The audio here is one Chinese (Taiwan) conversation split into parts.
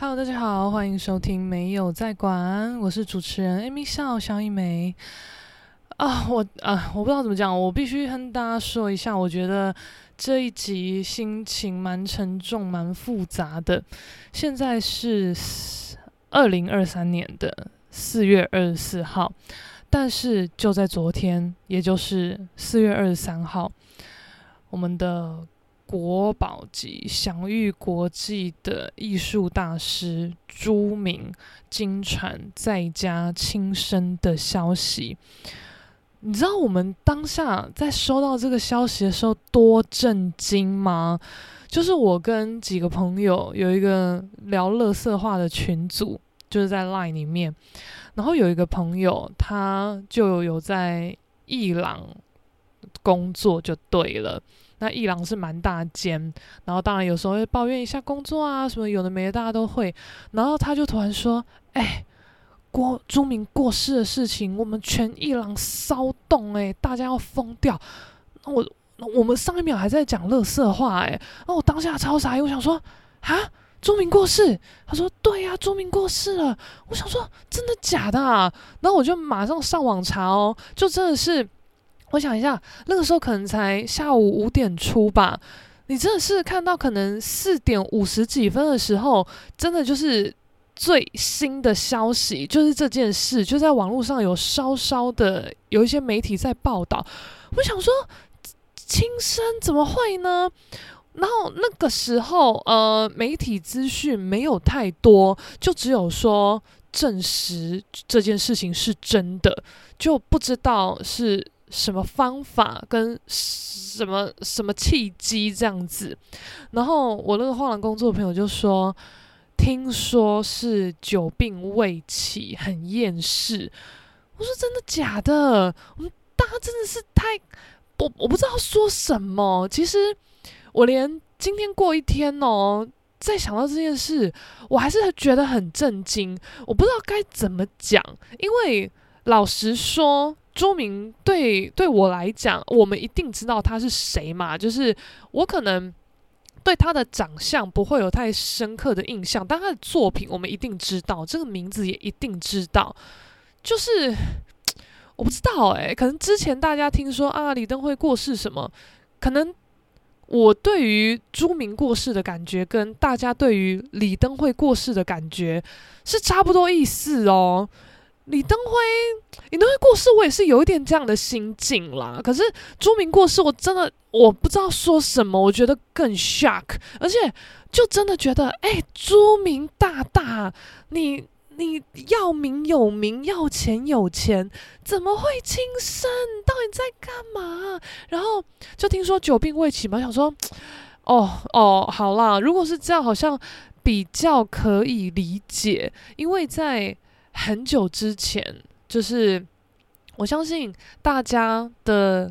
Hello，大家好，歡迎收聽《沒有在管》，我是主持人 Amy Siao 蕭一梅。啊，我啊，我不知道怎麼講，我必須跟大家說一下，我覺得這一集心情蠻沉重、蠻複雜的。現在是二零二三年的四月二十四號，但是就在昨天，也就是四月二十三號，我們的，國寶級享譽國際的藝術大師朱銘驚傳在家輕生的消息，你知道我們當下在收到這個消息的時候多震驚嗎？就是我跟幾個朋友有一個聊垃圾話的群組，就是在 Line 裡面，然後有一個朋友他就有在伊朗工作，就對了。那一郎是蠻大奸，然後當然有時候會抱怨一下工作啊什麼有的沒的，大家都會。然後他就突然說：“哎、欸，過朱銘過世的事情，我們全一郎騷動哎、欸，大家要瘋掉。”那我，我們上一秒還在講垃圾話哎、欸，那我當下超傻，我想說啊，朱銘過世？他說對呀、啊，朱銘過世了。我想說真的假的？啊，然後我就馬上上網查哦，就真的是。我想一下，那個時候可能才下午五點出吧。你真的是看到可能四點五十幾分的時候，真的就是最新的消息，就是這件事就在網絡上有稍稍的有一些媒體在報道。我想說，輕生怎麼會呢？然後那個時候，呃，媒體資訊沒有太多，就只有說證實這件事情是真的，就不知道是。什麼方法跟什麼什麼契機這樣子？然後我那個換了工作的朋友就說：“聽說是久病未起，很厭世。”我說：“真的假的？”我們大家真的是太……我我不知道說什麼。其實我連今天過一天哦，再想到這件事，我還是覺得很震驚。我不知道該怎麼講，因為老實說。朱銘對對我來講，我們一定知道他是誰嘛？就是我可能對他的長相不會有太深刻的印象，但他的作品我們一定知道，這個名字也一定知道。就是我不知道誒、欸，可能之前大家聽說啊，李登輝過世什麼？可能我對於朱銘過世的感覺，跟大家對於李登輝過世的感覺是差不多意思哦、喔。李登輝，李登輝過世，我也是有一點這樣的心境啦。可是朱銘過世，我真的我不知道說什麼，我覺得更 shock，而且就真的覺得，誒、欸，朱銘大大，你你要名有名，要錢有錢，怎麼會輕生？到底在幹嘛？然後就聽說久病未起嘛，想說，哦哦，好啦，如果是這樣，好像比較可以理解，因為在。很久之前，就是我相信大家的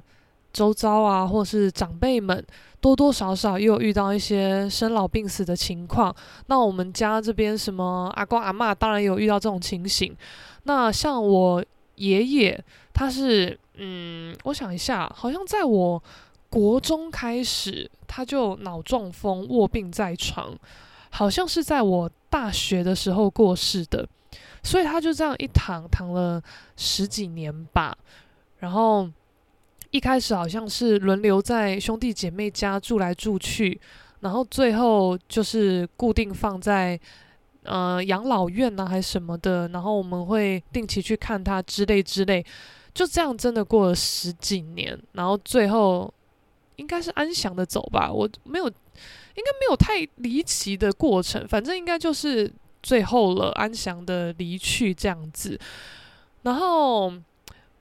周遭啊，或是長輩們多多少少也有遇到一些生老病死的情況。那我們家這邊什麼阿公阿嬤當然也有遇到這種情形。那像我爺爺，他是嗯，我想一下，好像在我國中開始他就腦中風臥病在床，好像是在我大學的時候過世的。所以他就這樣一躺躺了十幾年吧，然後一開始好像是輪流在兄弟姐妹家住來住去，然後最後就是固定放在呃養老院啊，還什麼的，然後我們會定期去看他之類之類，就這樣真的過了十幾年，然後最後應該是安詳的走吧，我沒有，應該沒有太離奇的過程，反正應該就是。最後了，安詳的離去這樣子。然後，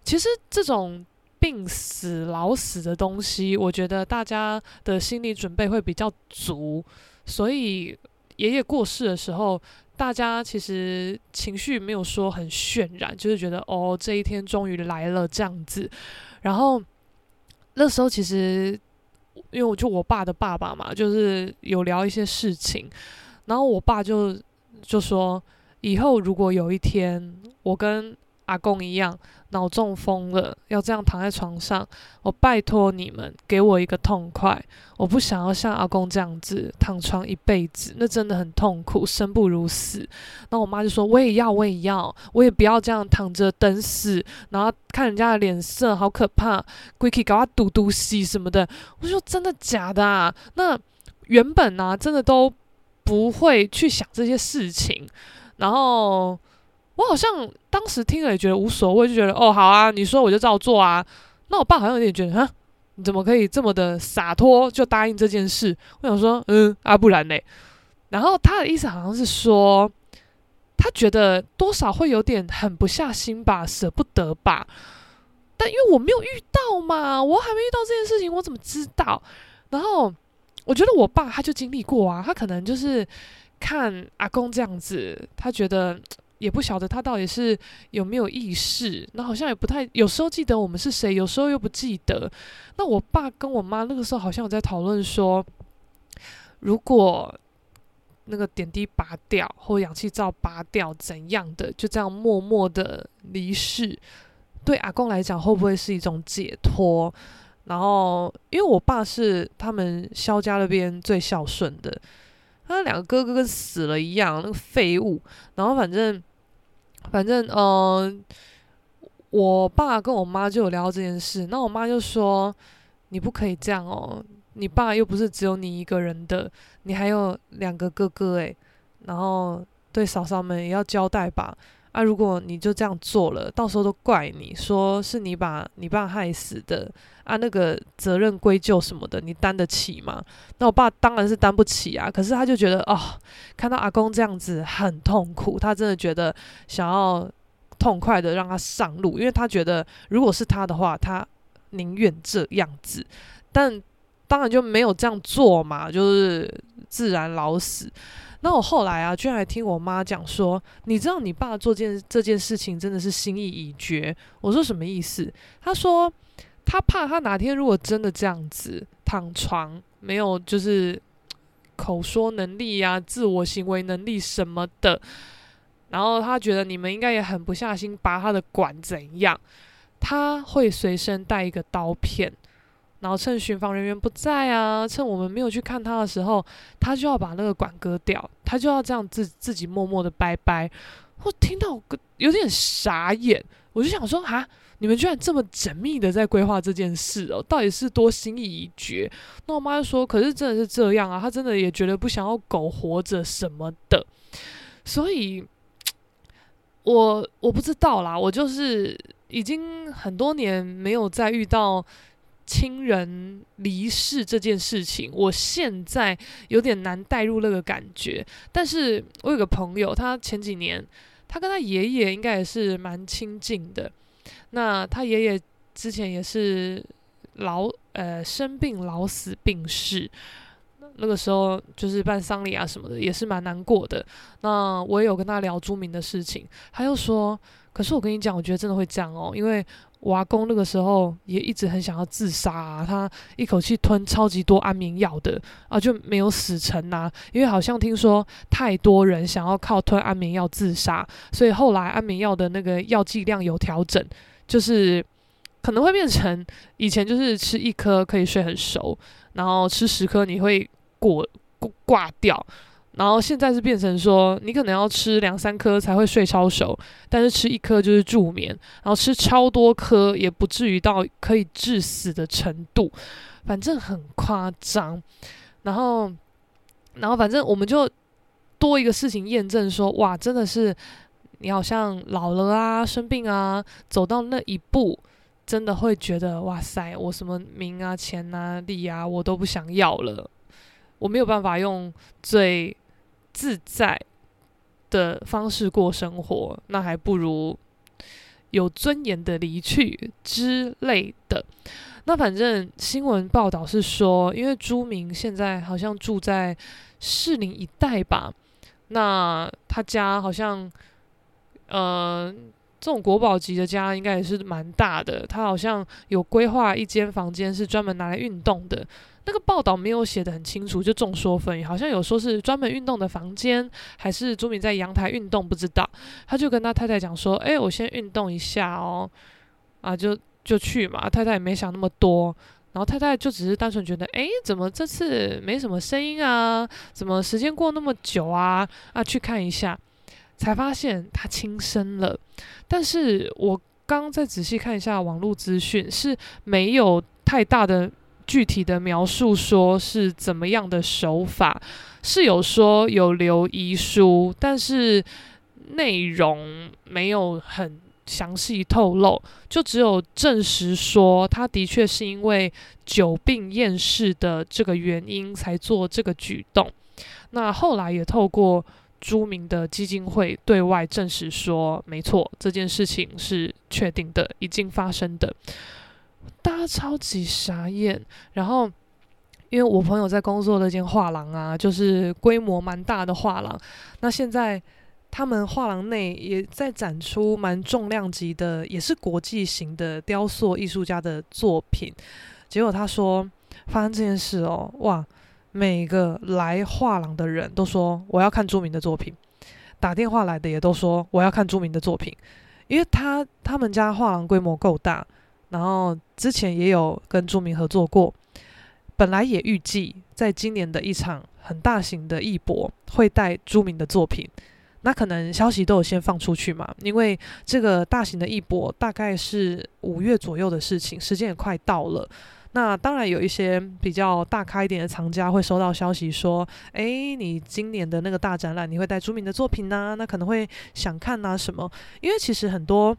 其實這種病死、老死的東西，我覺得大家的心理準備會比較足。所以爺爺過世的時候，大家其實情緒沒有說很渲染，就是覺得哦，這一天終於來了這樣子。然後那時候其實，因為我就我爸的爸爸嘛，就是有聊一些事情，然後我爸就。就說以後如果有一天我跟阿公一樣腦中風了，要這樣躺在床上，我拜托你們給我一個痛快，我不想要像阿公這樣子躺床一輩子，那真的很痛苦，生不如死。那我媽就說我也要，我也要，我也不要這樣躺着等死，然後看人家的臉色，好可怕，鬼鬼給我嘟嘟死什麼的。我就說真的假的啊？那原本呢、啊，真的都。不會去想這些事情，然後我好像當時聽了也覺得無所謂，就覺得哦好啊，你說我就照做啊。那我爸好像有點覺得啊，你怎麼可以這麼的灑脫就答應這件事？我想說，嗯，啊，不然嘞？然後他的意思好像是說，他覺得多少會有點狠不下心吧，捨不得吧。但因為我沒有遇到嘛，我還沒遇到這件事情，我怎麼知道？然後。我覺得我爸他就經歷過啊，他可能就是看阿公這樣子，他覺得也不曉得他到底是有沒有意識，那好像也不太有時候記得我們是誰，有時候又不記得。那我爸跟我媽那個時候好像有在討論說，如果那個點滴拔掉或氧氣罩拔掉怎樣的，就這樣默默的離世，對阿公來講會不會是一種解脫？然後，因為我爸是他們蕭家那邊最孝順的，他兩個哥哥跟死了一樣，那個廢物。然後反正，反正，嗯、呃，我爸跟我媽就有聊到這件事。那我媽就說：“你不可以這樣哦，你爸又不是只有你一個人的，你還有兩個哥哥哎、欸，然後對嫂嫂們也要交代吧。”啊！如果你就這樣做了，到時候都怪你，說是你把你爸害死的啊，那個責任歸咎什麼的，你擔得起嗎？那我爸當然是擔不起啊。可是他就覺得哦，看到阿公這樣子很痛苦，他真的覺得想要痛快的讓他上路，因為他覺得如果是他的話，他寧願這樣子。但當然就沒有這樣做嘛，就是自然老死。那我後來啊，居然還聽我媽講說，你知道你爸做件這件事情真的是心意已決。我說什麼意思？他說他怕他哪天如果真的這樣子躺床沒有就是口說能力呀、啊、自我行為能力什麼的，然後他覺得你們應該也狠不下心拔他的管，怎樣？他會隨身帶一個刀片。然後趁巡防人員不在啊，趁我們沒有去看他的時候，他就要把那個管割掉，他就要這樣自自己默默的拜拜。我聽到有點傻眼，我就想說啊，你們居然這麼縝密的在規劃這件事哦，到底是多心意已決。那我媽就說，可是真的是這樣啊，他真的也覺得不想要苟活着什麼的。所以，我我不知道啦，我就是已經很多年沒有再遇到。親人離世這件事情，我現在有點難帶入那個感覺。但是我有個朋友，他前幾年，他跟他爺爺應該也是蠻親近的。那他爺爺之前也是老，呃，生病老死病逝，那個時候就是辦喪禮啊什麼的，也是蠻難過的。那我也有跟他聊朱銘的事情，他又說。可是我跟你講，我覺得真的會這樣哦、喔，因為我阿公那個時候也一直很想要自殺，啊，他一口氣吞超級多安眠藥的啊，就沒有死成吶、啊。因為好像聽說太多人想要靠吞安眠藥自殺，所以後來安眠藥的那個藥劑量有調整，就是可能會變成以前就是吃一顆可以睡很熟，然後吃十顆你會過過掛掉。然後現在是變成說，你可能要吃兩三顆才會睡超熟，但是吃一顆就是助眠，然後吃超多顆也不至於到可以致死的程度，反正很誇張。然後，然後反正我們就多一個事情驗證說，哇，真的是你好像老了啊，生病啊，走到那一步，真的會覺得哇塞，我什麼名啊、錢啊、利啊，我都不想要了，我沒有辦法用最。自在的方式過生活，那還不如有尊嚴的離去之類的。那反正新聞報道是說，因為朱銘現在好像住在士林一帶吧，那他家好像，呃。這種國寶級的家應該也是蠻大的，他好像有規劃一間房間是專門拿來運動的。那個報道沒有寫得很清楚，就眾說紛紜，好像有說是專門運動的房間，還是朱銘在陽台運動，不知道。他就跟他太太講說：“欸，我先運動一下喔。”啊，就就去嘛。太太也沒想那麼多，然後太太就只是單純覺得：“欸，怎麼這次沒什麼聲音啊？怎麼時間過那麼久啊？”啊，去看一下。才發現他輕生了，但是我剛再仔細看一下網絡資訊，是沒有太大的具體的描述，說是怎麼樣的手法，是有說有留遺書，但是內容沒有很詳細透露，就只有證實說他的確是因為久病厭世的這個原因才做這個舉動，那後來也透過。著名的基金會對外證實說，沒錯，這件事情是確定的，已經發生的。大家超級傻眼。然後，因為我朋友在工作那間畫廊啊，就是規模蠻大的畫廊。那現在他們畫廊內也在展出蠻重量級的，也是國際型的雕塑藝術家的作品。結果他說發生這件事哦，哇！每個來畫廊的人都說，我要看朱銘的作品，打電話來的也都說，我要看朱銘的作品，因為他他們家畫廊規模夠大，然後之前也有跟朱銘合作過，本來也預計在今年的一場很大型的藝博會帶朱銘的作品，那可能消息都有先放出去嘛，因為這個大型的藝博大概是五月左右的事情，時間也快到了。那當然有一些比較大咖一點的藏家會收到消息說，欸，你今年的那個大展覽，你會帶著名的作品啊？那可能會想看啊什麼？因為其實很多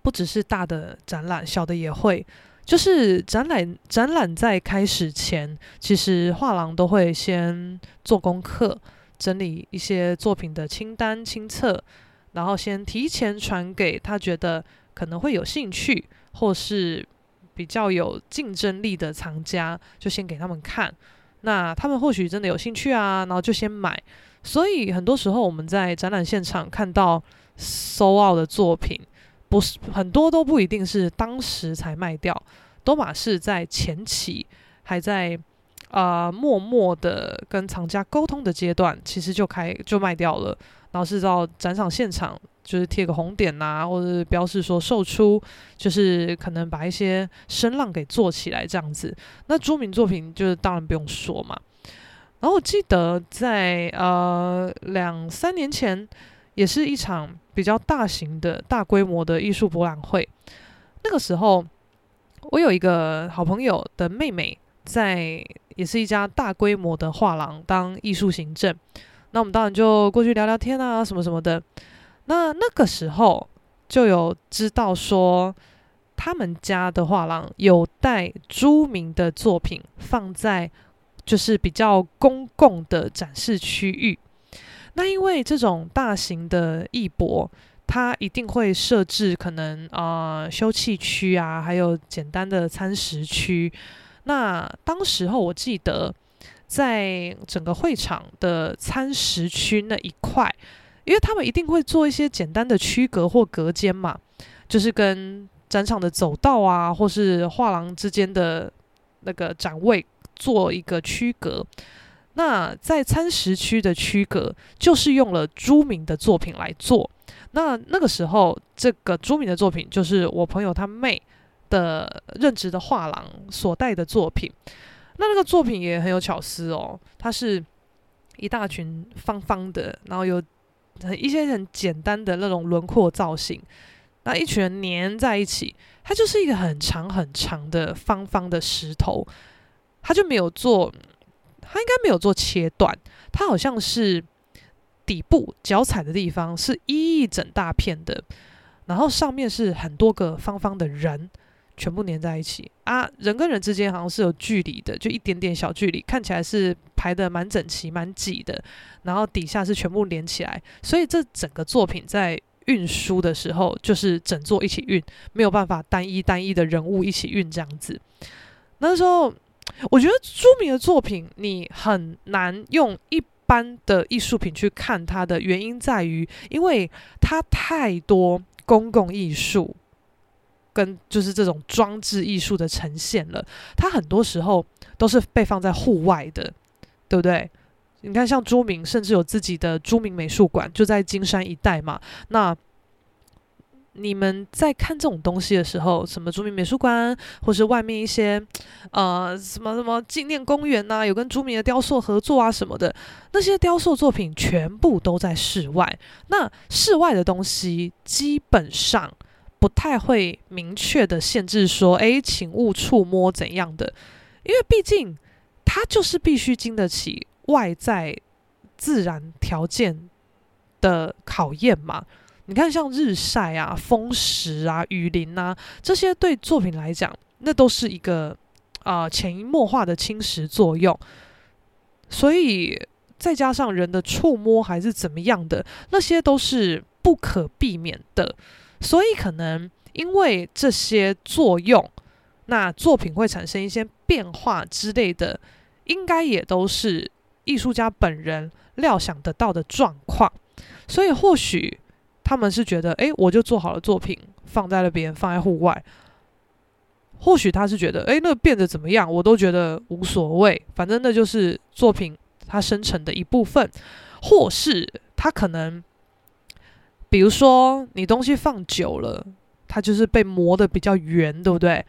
不只是大的展覽，小的也會。就是展覽展覽在開始前，其實畫廊都會先做功課，整理一些作品的清單、清冊，然後先提前傳給他，覺得可能會有興趣或是。比較有競爭力的藏家就先給他們看，那他們或許真的有興趣啊，然後就先買。所以很多時候我們在展覽現場看到 sold out 的作品，不是，很多都不一定是當時才賣掉，都嘛是在前期還在。啊、呃，默默的跟藏家溝通的階段，其實就開就賣掉了。然後是到展場現場，就是貼個紅點吶、啊，或者標示說售出，就是可能把一些聲浪給做起來這樣子。那著名作品就是當然不用說嘛。然後我記得在呃兩三年前，也是一場比較大型的、大規模的藝術博覽會。那個時候，我有一個好朋友的妹妹。在也是一家大規模的畫廊當藝術行政，那我們當然就過去聊聊天啊，什麼什麼的。那那個時候就有知道說，他們家的畫廊有帶朱銘的作品放在就是比較公共的展示區域。那因為這種大型的藝博，它一定會設置可能啊、呃、休憩區啊，還有簡單的餐食區。那當時候，我記得在整個會場的餐食區那一塊，因為他們一定會做一些簡單的區隔或隔間嘛，就是跟展場的走道啊，或是畫廊之間的那個展位做一個區隔。那在餐食區的區隔，就是用了朱銘的作品來做。那那個時候，這個朱銘的作品就是我朋友他妹。的任職的畫廊所帶的作品，那那個作品也很有巧思哦。它是一大群方方的，然後有一些很簡單的那種輪廓造型，那一群人黏在一起，它就是一個很長很長的方方的石頭。它就沒有做，它應該沒有做切斷，它好像是底部腳踩的地方是一整大片的，然後上面是很多個方方的人。全部粘在一起啊！人跟人之間好像是有距離的，就一點點小距離，看起來是排得蠻整齊、蠻擠的。然後底下是全部連起來，所以這整個作品在運輸的時候就是整座一起運，沒有辦法單一單一的人物一起運這樣子。那時候，我覺得朱銘的作品你很難用一般的藝術品去看它的原因在於，因為它太多公共藝術。跟就是這種裝置藝術的呈現了，它很多時候都是被放在戶外的，對不對？你看，像朱銘，甚至有自己的朱銘美術館，就在金山一帶嘛。那你們在看這種東西的時候，什麼朱銘美術館，或是外面一些呃什麼什麼紀念公園吶、啊，有跟朱銘的雕塑合作啊什麼的，那些雕塑作品全部都在室外。那室外的東西基本上。不太會明確的限制說，誒、欸，請勿觸摸怎樣的，因為畢竟它就是必須經得起外在自然條件的考驗嘛。你看，像日曬啊、風蝕啊、雨淋啊，這些對作品來講，那都是一個啊潛移默化的侵蝕作用。所以再加上人的觸摸還是怎麼樣的，那些都是不可避免的。所以可能因為這些作用，那作品會產生一些變化之類的，應該也都是藝術家本人料想得到的狀況。所以或許他們是覺得，哎，我就做好了作品，放在那邊，放在戶外。或許他是覺得，哎，那變得怎麼樣，我都覺得無所謂，反正那就是作品它生成的一部分，或是他可能。比如說，你東西放久了，它就是被磨得比較圓，對不對？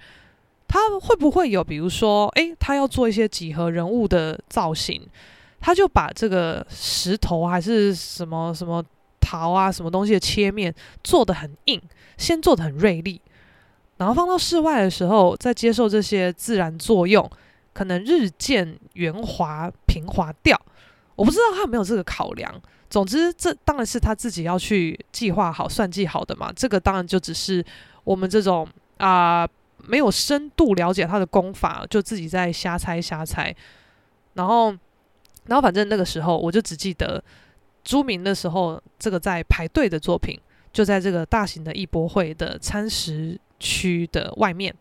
它會不會有？比如說，誒，他要做一些幾何人物的造型，他就把這個石頭、啊、還是什麼什麼陶啊，什麼東西的切面做得很硬，先做得很銳利，然後放到室外的時候，再接受這些自然作用，可能日漸圓滑平滑掉。我不知道他有沒有這個考量。總之，這當然是他自己要去計劃好，算計好的嘛。這個當然就只是我們這種啊、呃，沒有深度了解他的功法，就自己在瞎猜瞎猜。然後，然後反正那個時候，我就只記得朱銘的時候，這個在排隊的作品就在這個大型的藝博會的餐食區的外面，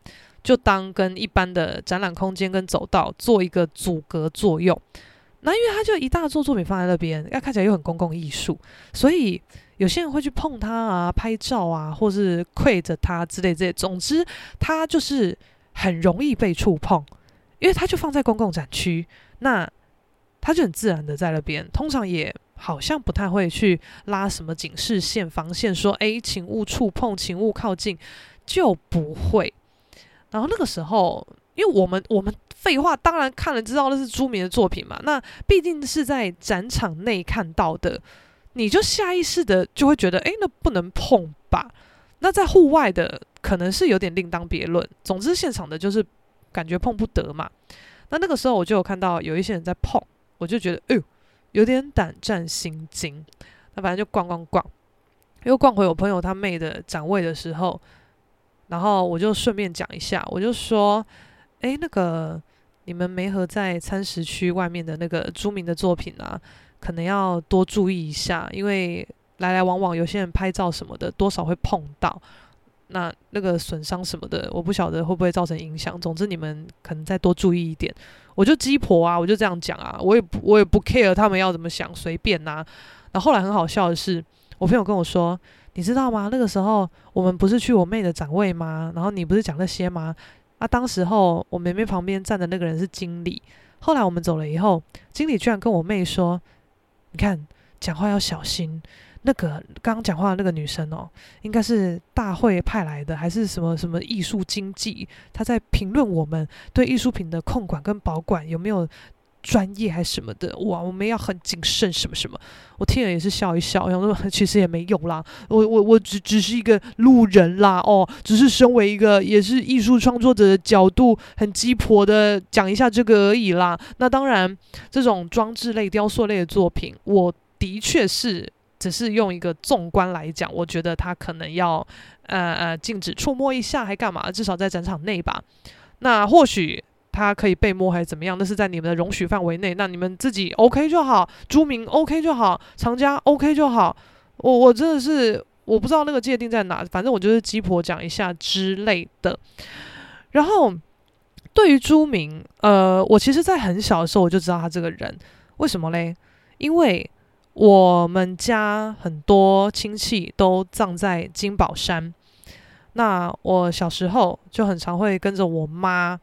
就當跟一般的展覽空間跟走道做一個阻隔作用。那因為他就一大座作、作品放在那邊，要看起來又很公共藝術，所以有些人會去碰它啊、拍照啊，或是窺着它之類之類。總之，它就是很容易被觸碰，因為它就放在公共展區，那它就很自然的在那邊。通常也好像不太會去拉什麼警示線、防線，說“欸，請勿觸碰，請勿靠近”，就不會。然後那個時候，因為我們我們。廢話，當然看了，知道那是朱銘的作品嘛？那畢竟是在展場內看到的，你就下意識的就會覺得，誒、欸，那不能碰吧？那在戶外的可能是有點另當別論。總之，現場的就是感覺碰不得嘛。那那個時候我就有看到有一些人在碰，我就覺得，哎、欸，有點膽戰心驚。那反正就逛逛逛，又逛回我朋友他妹的展位的時候，然後我就順便講一下，我就說，誒、欸，那個。你們沒和在餐食區外面的那個朱銘的作品啊，可能要多注意一下，因為來來往往有些人拍照什麼的，多少會碰到，那那個損傷什麼的，我不曉得會不會造成影響。總之你們可能再多注意一點，我就雞婆啊，我就這樣講啊，我也我也不 care 他們要怎麼想，隨便啊。然後後來很好笑的是，我朋友跟我說，你知道嗎？那個時候我們不是去我妹的展位嗎？然後你不是講那些嗎？啊，當時候我妹妹旁邊站的那個人是經理。後來我們走了以後，經理居然跟我妹說：“你看，講話要小心。那個剛剛講話的那個女生哦，應該是大會派來的，還是什麼什麼藝術經紀？她在評論我們對藝術品的控管跟保管有沒有？”專業還是什麼的哇，我們要很謹慎什麼什麼，我聽了也是笑一笑，然後說其實也沒用啦，我我我只只是一個路人啦哦，只是身為一個也是藝術創作者的角度，很雞婆的講一下這個而已啦。那當然，這種裝置類、雕塑類的作品，我的確是只是用一個縱觀來講，我覺得他可能要呃呃禁止觸摸一下，還幹嘛？至少在展場內吧。那或許。他可以被摸，還是怎麼樣？那是在你們的容許範圍內，那你們自己 OK 就好，朱銘 OK 就好，長家 OK 就好。我我真的是我不知道那個界定在哪，反正我就是雞婆講一下之類的。然後對於朱銘，呃，我其實在很小的時候我就知道他這個人，為什麼嘞？因為我們家很多親戚都葬在金寶山，那我小時候就很常會跟着我媽。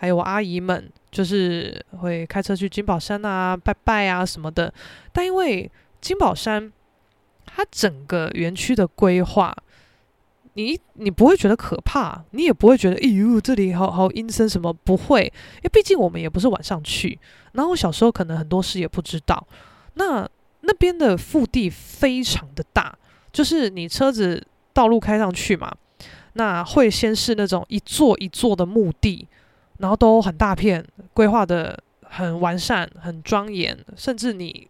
還有阿姨們，就是會開車去金寶山啊拜拜啊什麼的。但因為金寶山，它整個園區的規劃，你你不會覺得可怕，你也不會覺得，哎呦，這裡好好陰森什麼？不會，因為畢竟我們也不是晚上去。然後小時候可能很多事也不知道。那那邊的腹地非常的大，就是你車子道路開上去嘛，那會先是那種一座一座的墓地。然後都很大片，規劃得很完善、很莊嚴，甚至你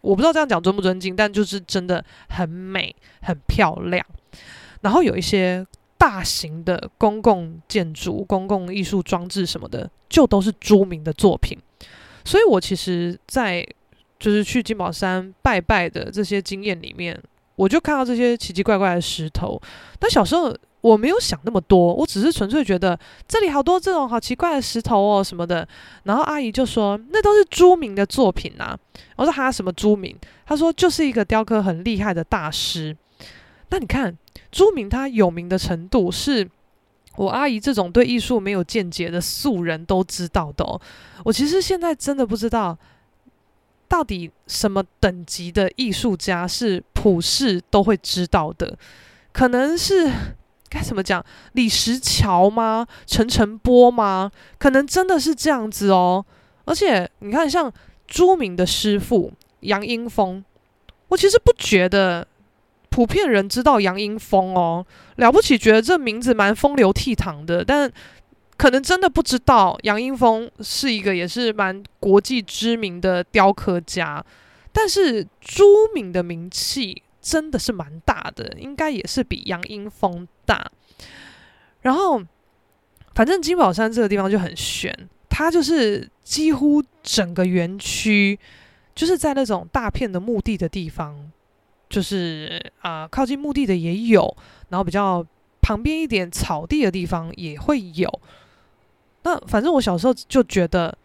我不知道這樣講尊不尊敬，但就是真的很美、很漂亮。然後有一些大型的公共建築、公共藝術裝置什麼的，就都是著名的作品。所以，我其實，在就是去金寶山拜拜的這些經驗裡面，我就看到這些奇奇怪怪的石頭。但小時候。我沒有想那麼多，我只是純粹覺得這裡好多這種好奇怪的石頭哦什麼的。然後阿姨就說：“那都是朱銘的作品啊。”我說：“他有什麼朱銘？”他說：“就是一個雕刻很厲害的大師。”那你看，朱銘他有名的程度，是我阿姨這種對藝術沒有見解的素人都知道的哦。我其實現在真的不知道，到底什麼等級的藝術家是普世都會知道的，可能是。該怎麼講？李石樵嗎？陳澄波嗎？可能真的是這樣子哦。而且你看，像朱銘的師傅楊英風，我其實不覺得普遍人知道楊英風哦。了不起，覺得這名字蠻風流倜儻的，但可能真的不知道楊英風是一個也是蠻國際知名的雕刻家。但是朱銘的名氣，真的是蠻大的，應該也是比楊英風大。然後，反正金寶山這個地方就很玄，它就是幾乎整個園區就是在那種大片的墓地的地方，就是啊、呃、靠近墓地的也有，然後比較旁邊一點草地的地方也會有。那反正我小時候就覺得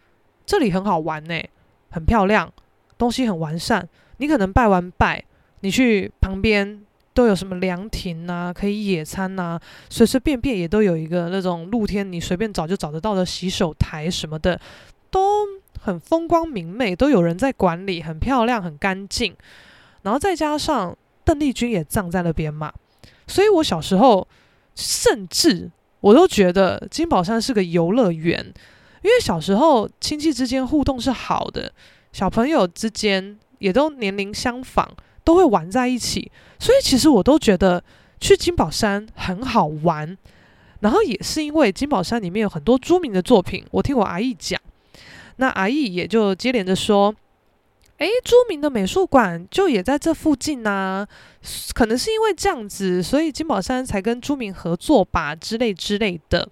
這裡很好玩、欸，哎，很漂亮，東西很完善。你可能拜完拜。你去旁邊都有什麼涼亭啊，可以野餐啊，隨隨便便也都有一個那種露天，你隨便找就找得到的洗手台什麼的，都很風光明媚，都有人在管理，很漂亮，很乾淨。然後再加上鄧麗君也葬在那邊嘛，所以我小時候甚至我都覺得金寶山是個遊樂園，因為小時候親戚之間互動是好的，小朋友之間也都年齡相仿，都會玩在一起，所以其實我都覺得去金寶山很好玩。然後也是因為金寶山裡面有很多朱銘的作品，我聽我阿姨講，那阿姨也就接連着說：“誒，朱銘的美術館就也在這附近呢、啊。”可能是因為這樣子，所以金寶山才跟朱銘合作吧之類之類的。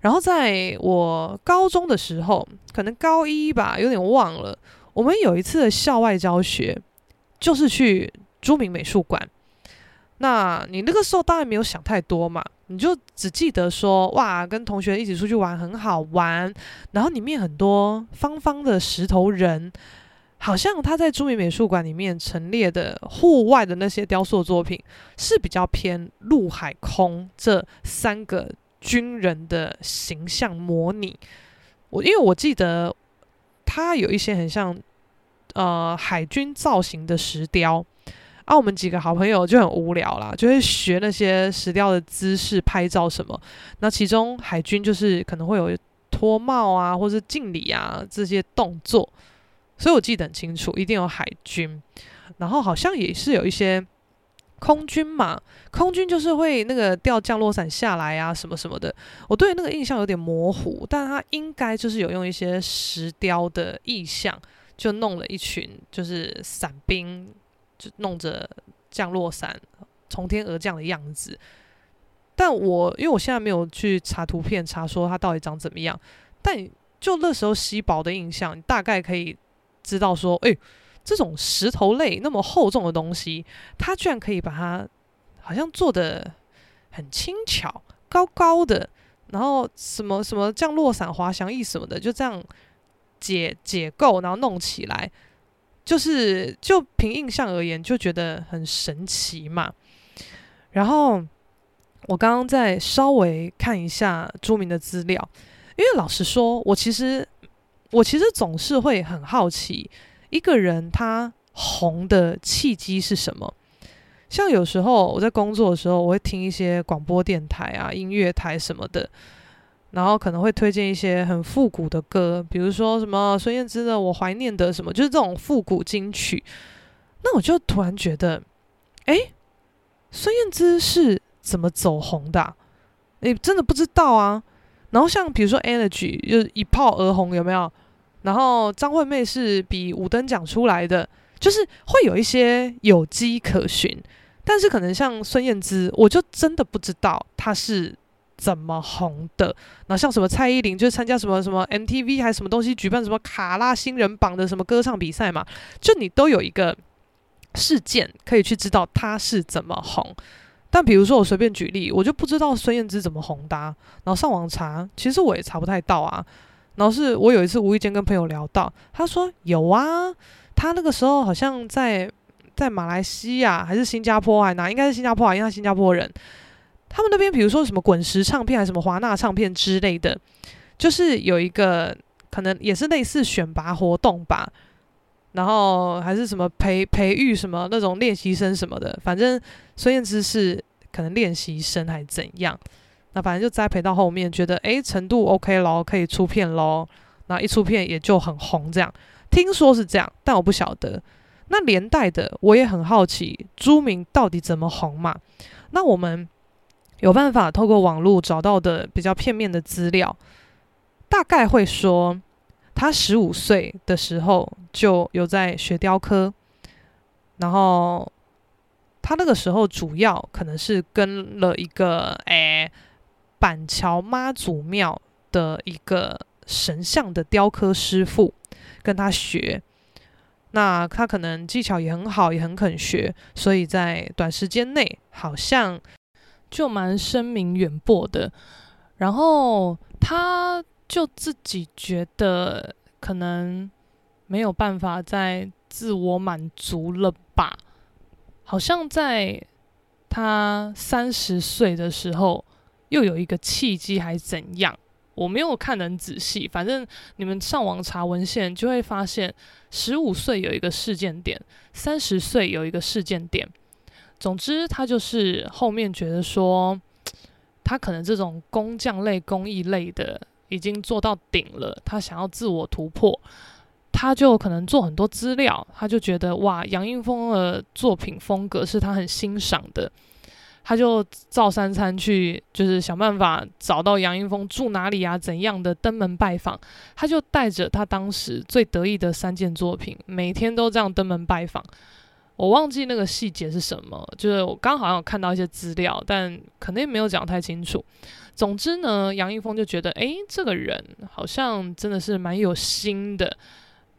然後在我高中的時候，可能高一吧，有點忘了，我們有一次的校外教學。就是去朱銘美術館，那你那個時候當然沒有想太多嘛，你就只記得說哇，跟同學一起出去玩很好玩，然後裡面很多方方的石頭人，好像他在朱銘美術館裡面陳列的戶外的那些雕塑作品是比較偏陸海空這三個軍人的形象模擬。我因為我記得他有一些很像。呃，海軍造型的石雕，啊，我們幾個好朋友就很無聊啦，就會學那些石雕的姿勢拍照什麼。那其中海軍就是可能會有脫帽啊，或是敬禮啊這些動作，所以我記得很清楚，一定有海軍。然後好像也是有一些空軍嘛，空軍就是會那個掉降落傘下來啊，什麼什麼的。我對那個印象有點模糊，但他應該就是有用一些石雕的意象。就弄了一群，就是傘兵，就弄着降落傘從天而降的樣子。但我因為我現在沒有去查圖片，查說它到底長怎麼樣。但就那時候稀薄的印象，你大概可以知道說，哎、欸，這種石頭類那麼厚重的東西，它居然可以把它好像做的很輕巧，高高的，然後什麼什麼降落傘、滑翔翼什麼的，就這樣。解解構，然後弄起來，就是就憑印象而言，就覺得很神奇嘛。然後我剛剛再稍微看一下朱銘的資料，因為老實說，我其實我其實總是會很好奇，一個人他紅的契機是什麼。像有時候我在工作的時候，我會聽一些廣播電台啊、音樂台什麼的。然後可能會推薦一些很復古的歌，比如說什麼孫燕姿的《我懷念的》什麼，就是這種復古金曲。那我就突然覺得，哎，孫燕姿是怎麼走紅的啊？你真的不知道啊。然後像比如說 Energy 就又一炮而紅，有沒有？然後張惠妹是比五燈獎出來的，就是會有一些有跡可循。但是可能像孫燕姿，我就真的不知道她是。怎麼紅的？然後像什麼蔡依林，就是參加什麼什麼 MTV 還是什麼東西，舉辦什麼卡拉新人榜的什麼歌唱比賽嘛，就你都有一個事件可以去知道他是怎麼紅。但比如說我隨便舉例，我就不知道孫燕姿怎麼紅的啊。然後上網查，其實我也查不太到啊。然後是我有一次無意間跟朋友聊到，他說有啊，他那個時候好像在在馬來西亞還是新加坡還是哪，應該是新加坡，好像他新加坡人。他們那邊，比如說什麼滾石唱片還是什麼華納唱片之類的，就是有一個可能也是類似選拔活動吧，然後還是什麼培培育什麼那種練習生什麼的，反正孫燕姿是可能練習生還是怎樣，那反正就栽培到後面，覺得誒、欸、程度 OK 咯，可以出片咯。然後一出片也就很紅這樣，聽說是這樣，但我不曉得。那連帶的我也很好奇，朱銘到底怎麼紅嘛？那我們。有辦法透過網絡找到的比較片面的資料，大概會說，他十五歲的時候就有在學雕刻，然後他那個時候主要可能是跟了一個誒、欸、板橋媽祖廟的一個神像的雕刻師傅跟他學，那他可能技巧也很好，也很肯學，所以在短時間內好像。就蠻聲名遠播的，然後他就自己覺得可能沒有辦法再自我滿足了吧？好像在他三十歲的時候又有一個契機，還是怎樣？我沒有看得很仔細，反正你們上網查文獻就會發現，十五歲有一個事件點，三十歲有一個事件點。總之，他就是後面覺得說，他可能這種工匠類、工藝類的已經做到頂了，他想要自我突破，他就可能做很多資料，他就覺得哇，楊英風的作品風格是他很欣賞的，他就照三餐去就是想辦法找到楊英風住哪裡啊，怎樣的登門拜訪，他就帶着他當時最得意的三件作品，每天都這樣登門拜訪。我忘記那個細節是什麼，就是我剛好，好像有看到一些資料，但肯定沒有講太清楚。總之呢，楊英風就覺得，誒、欸，這個人好像真的是蠻有心的，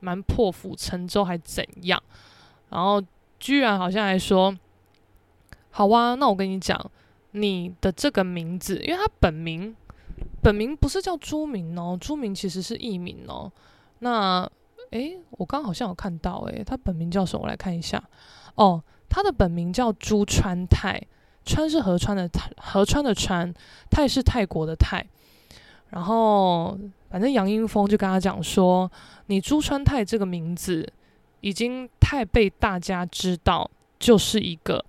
蠻破釜沉舟還怎樣。然後居然好像還說，好哇、啊，那我跟你講，你的這個名字，因為他本名本名不是叫朱銘哦，朱銘其實是藝名哦。那誒，我剛好像有看到、欸，誒，他本名叫什麼？我來看一下。哦，他的本名叫朱川泰，川是河川的，河川的川，泰是泰國的泰。然後，反正楊英風就跟他講說：“你朱川泰這個名字已經太被大家知道，就是一個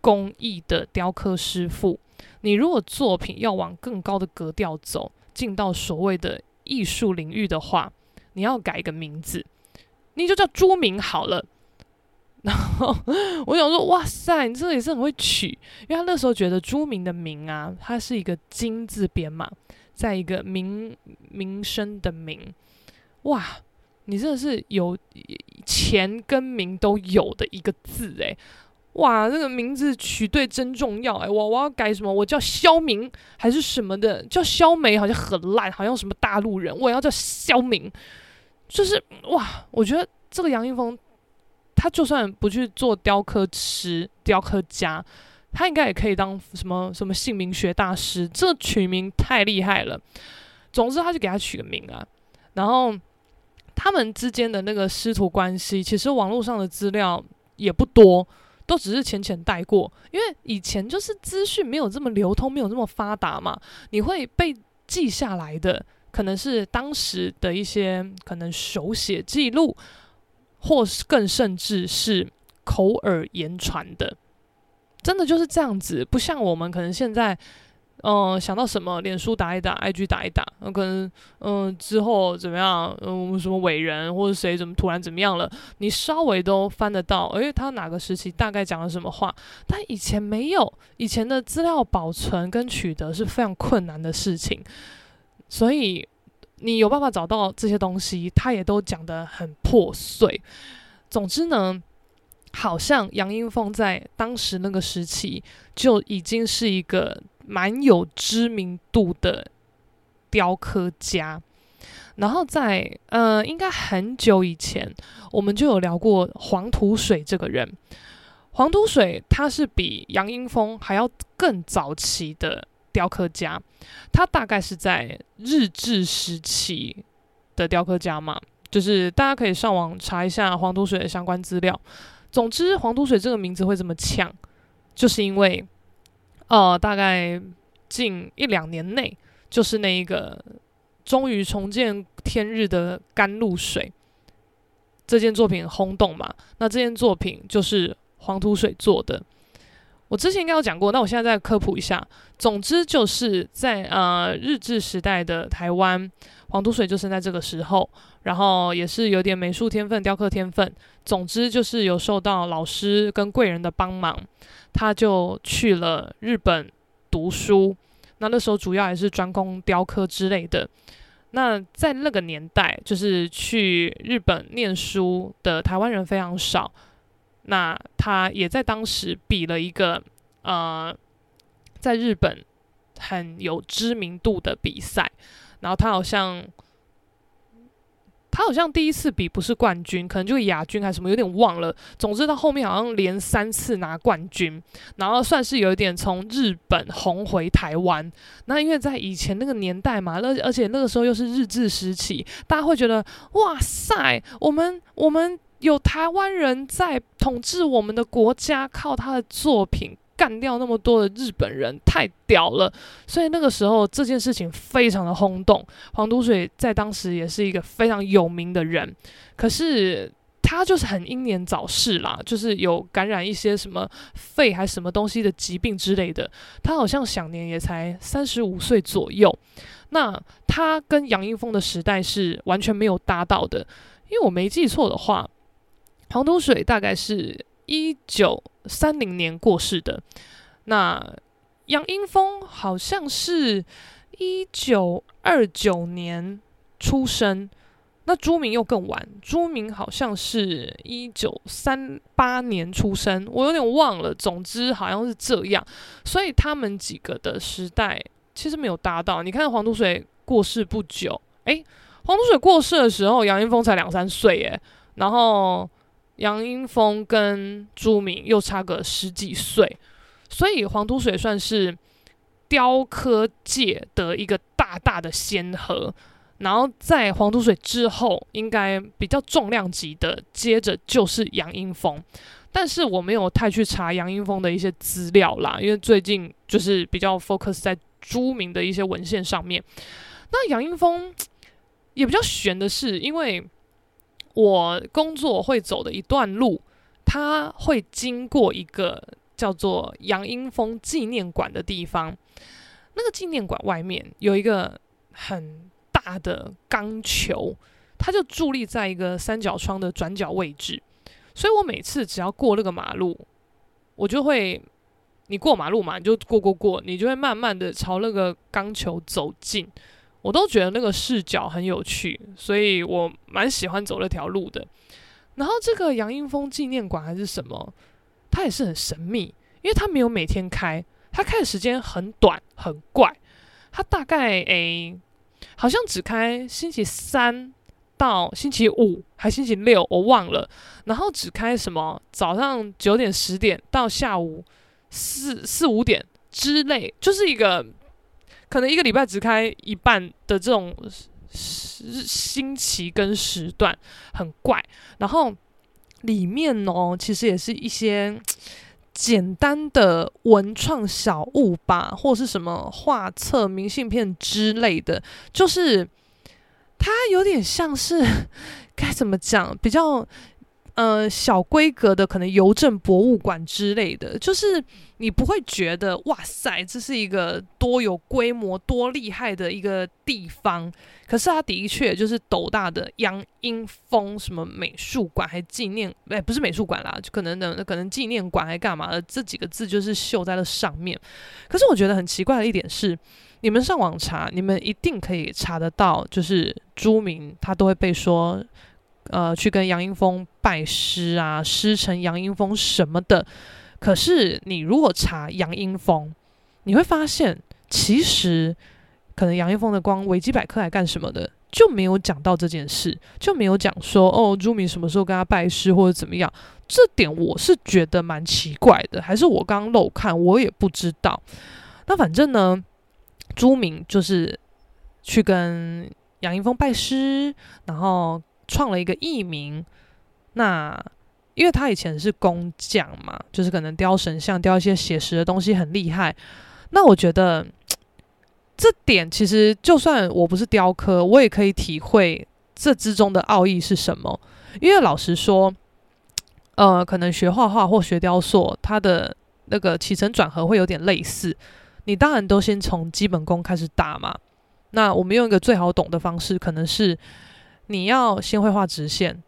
工藝的雕刻師傅。你如果作品要往更高的格調走，進到所謂的藝術領域的話。”你要改一個名字，你就叫朱銘好了。然後我想說，哇塞，你這個也是很會取，因為他那時候覺得朱銘的銘啊，它是一個金字邊嘛，再一個名，名聲的名。哇，你真的是有錢跟名都有的一個字誒、欸。哇，這、那個名字取對真重要誒、欸。我我要改什麼？我叫蕭明還是什麼的？叫蕭梅好像很爛，好像什麼大陸人，我要叫蕭明。就是哇，我覺得這個楊英風，他就算不去做雕刻師、雕刻家，他應該也可以當什麼什麼姓名學大師。這個取名太厲害了。總之，他就給他取個名啊。然後他們之間的那個師徒關係，其實網絡上的資料也不多，都只是淺淺帶過。因為以前就是資訊沒有這麼流通，沒有這麼發達嘛，你會被記下來的。可能是當時的一些可能手寫記錄，或是更甚至是口耳言傳的，真的就是這樣子，不像我們可能現在，嗯、呃，想到什麼，臉書打一打，IG 打一打，呃、可能嗯、呃、之後怎麼樣，嗯、呃、什麼偉人或者誰怎麼突然怎麼樣了，你稍微都翻得到，哎、欸，他哪個時期大概講了什麼話，但以前沒有，以前的資料保存跟取得是非常困難的事情。所以，你有辦法找到這些東西，他也都講得很破碎。總之呢，好像楊英風在當時那個時期就已經是一個蠻有知名度的雕刻家。然後在呃，應該很久以前，我們就有聊過黃土水這個人。黃土水他是比楊英風還要更早期的。雕刻家，他大概是在日治時期的雕刻家嘛，就是大家可以上網查一下黃土水的相關資料。總之，黃土水這個名字會這麼嗆，就是因為呃，大概近一兩年內，就是那一個終於重見天日的甘露水這件作品轟動嘛，那這件作品就是黃土水做的。我之前應該有講過，那我現在再科普一下。總之就是在呃日治時代的台灣，黃土水就生在這個時候，然後也是有點美術天分、雕刻天分。總之就是有受到老師跟貴人的幫忙，他就去了日本讀書。那那時候主要也是專攻雕刻之類的。那在那個年代，就是去日本念書的台灣人非常少。那他也在當時比了一個呃，在日本很有知名度的比賽，然後他好像他好像第一次比不是冠軍，可能就亞軍還是什麼，有點忘了。總之，他後面好像連三次拿冠軍，然後算是有一點從日本紅回台灣。那因為在以前那個年代嘛，那而且那個時候又是日治時期，大家會覺得哇塞，我們我們。有台灣人在統治我們的國家，靠他的作品幹掉那麼多的日本人，太屌了！所以那個時候這件事情非常的轟動。黃土水在當時也是一個非常有名的人，可是他就是很英年早逝啦，就是有感染一些什麼肺還什麼東西的疾病之類的。他好像享年也才三十五歲左右。那他跟楊英風的時代是完全沒有搭到的，因為我沒記錯的話。黃土水大概是一九三零年過世的，那楊英風好像是一九二九年出生，那朱銘又更晚，朱銘好像是一九三八年出生，我有點忘了，總之好像是這樣，所以他們幾個的時代其實沒有搭到。你看黃土水過世不久，哎、欸，黃土水過世的時候，楊英風才兩三歲，哎，然後。楊英風跟朱銘又差個十幾歲，所以黃土水算是雕刻界的一個大大的先河。然後在黃土水之後，應該比較重量級的，接着就是楊英風。但是我沒有太去查楊英風的一些資料啦，因為最近就是比較 focus 在朱銘的一些文獻上面。那楊英風也比較玄的是，因為。我工作會走的一段路，它會經過一個叫做楊英風紀念館的地方。那個紀念館外面有一個很大的鋼球，它就佇立在一個三角窗的轉角位置。所以我每次只要過那個馬路，我就會，你過馬路嘛，你就過過過，你就會慢慢的朝那個鋼球走近。我都覺得那個視角很有趣，所以我蠻喜歡走那條路的。然後這個楊英風紀念館還是什麼，它也是很神秘，因為它沒有每天開，它開的時間很短很怪，它大概誒、欸，好像只開星期三到星期五，還星期六我忘了，然後只開什麼早上九點十點到下午四四五點之類，就是一個。可能一個禮拜只開一半的這種時時星期跟時段很怪，然後裡面呢、喔，其實也是一些簡單的文創小物吧，或是什麼畫冊、明信片之類的，就是它有點像是該怎麼講，比較。呃，小規格的可能郵政博物館之類的，就是你不會覺得哇塞，這是一個多有規模、多厲害的一個地方。可是它的確就是斗大的“楊英風”什麼美術館還紀念，誒、欸、不是美術館啦，就可能的可能紀念館還幹嘛的這幾個字就是繡在了上面。可是我覺得很奇怪的一點是，你們上網查，你們一定可以查得到，就是朱銘他都會被說。呃，去跟楊英風拜師啊，師承楊英風什麼的。可是你如果查楊英風，你會發現其實可能楊英風的光維基百科還幹什麼的就沒有講到這件事，就沒有講說哦，朱銘什麼時候跟他拜師或者怎麼樣。這點我是覺得蠻奇怪的，還是我剛剛漏看，我也不知道。那反正呢，朱銘就是去跟楊英風拜師，然後。創了一個藝名，那因為他以前是工匠嘛，就是可能雕神像、雕一些寫實的東西很厲害。那我覺得這點其實就算我不是雕刻，我也可以體會這之中的奧義是什麼？因為老實說，呃，可能學畫畫或學雕塑，它的那個起承轉合會有點類似。你當然都先從基本功開始打嘛。那我們用一個最好懂的方式，可能是……你要先會畫直線，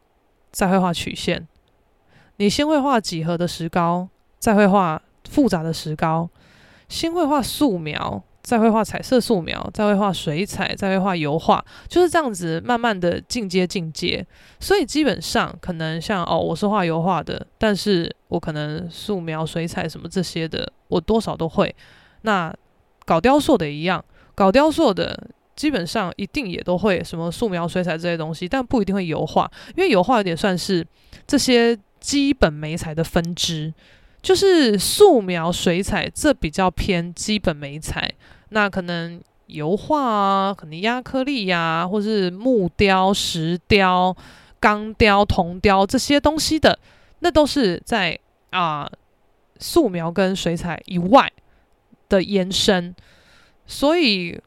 再會畫曲線；你先會畫幾何的石膏，再會畫複雜的石膏；先會畫素描，再會畫彩色素描，再會畫水彩，再會畫油畫。就是這樣子，慢慢的進階，進階。所以基本上，可能像哦，我是畫油畫的，但是我可能素描、水彩什麼這些的，我多少都會。那搞雕塑的一樣，搞雕塑的。基本上一定也都會什麼素描、水彩這些東西，但不一定會油畫，因為油畫有點算是這些基本媒材的分支。就是素描、水彩這比較偏基本媒材，那可能油畫啊，可能壓克力呀，或是木雕、石雕、鋼雕、銅雕這些東西的，那都是在啊、呃、素描跟水彩以外的延伸，所以。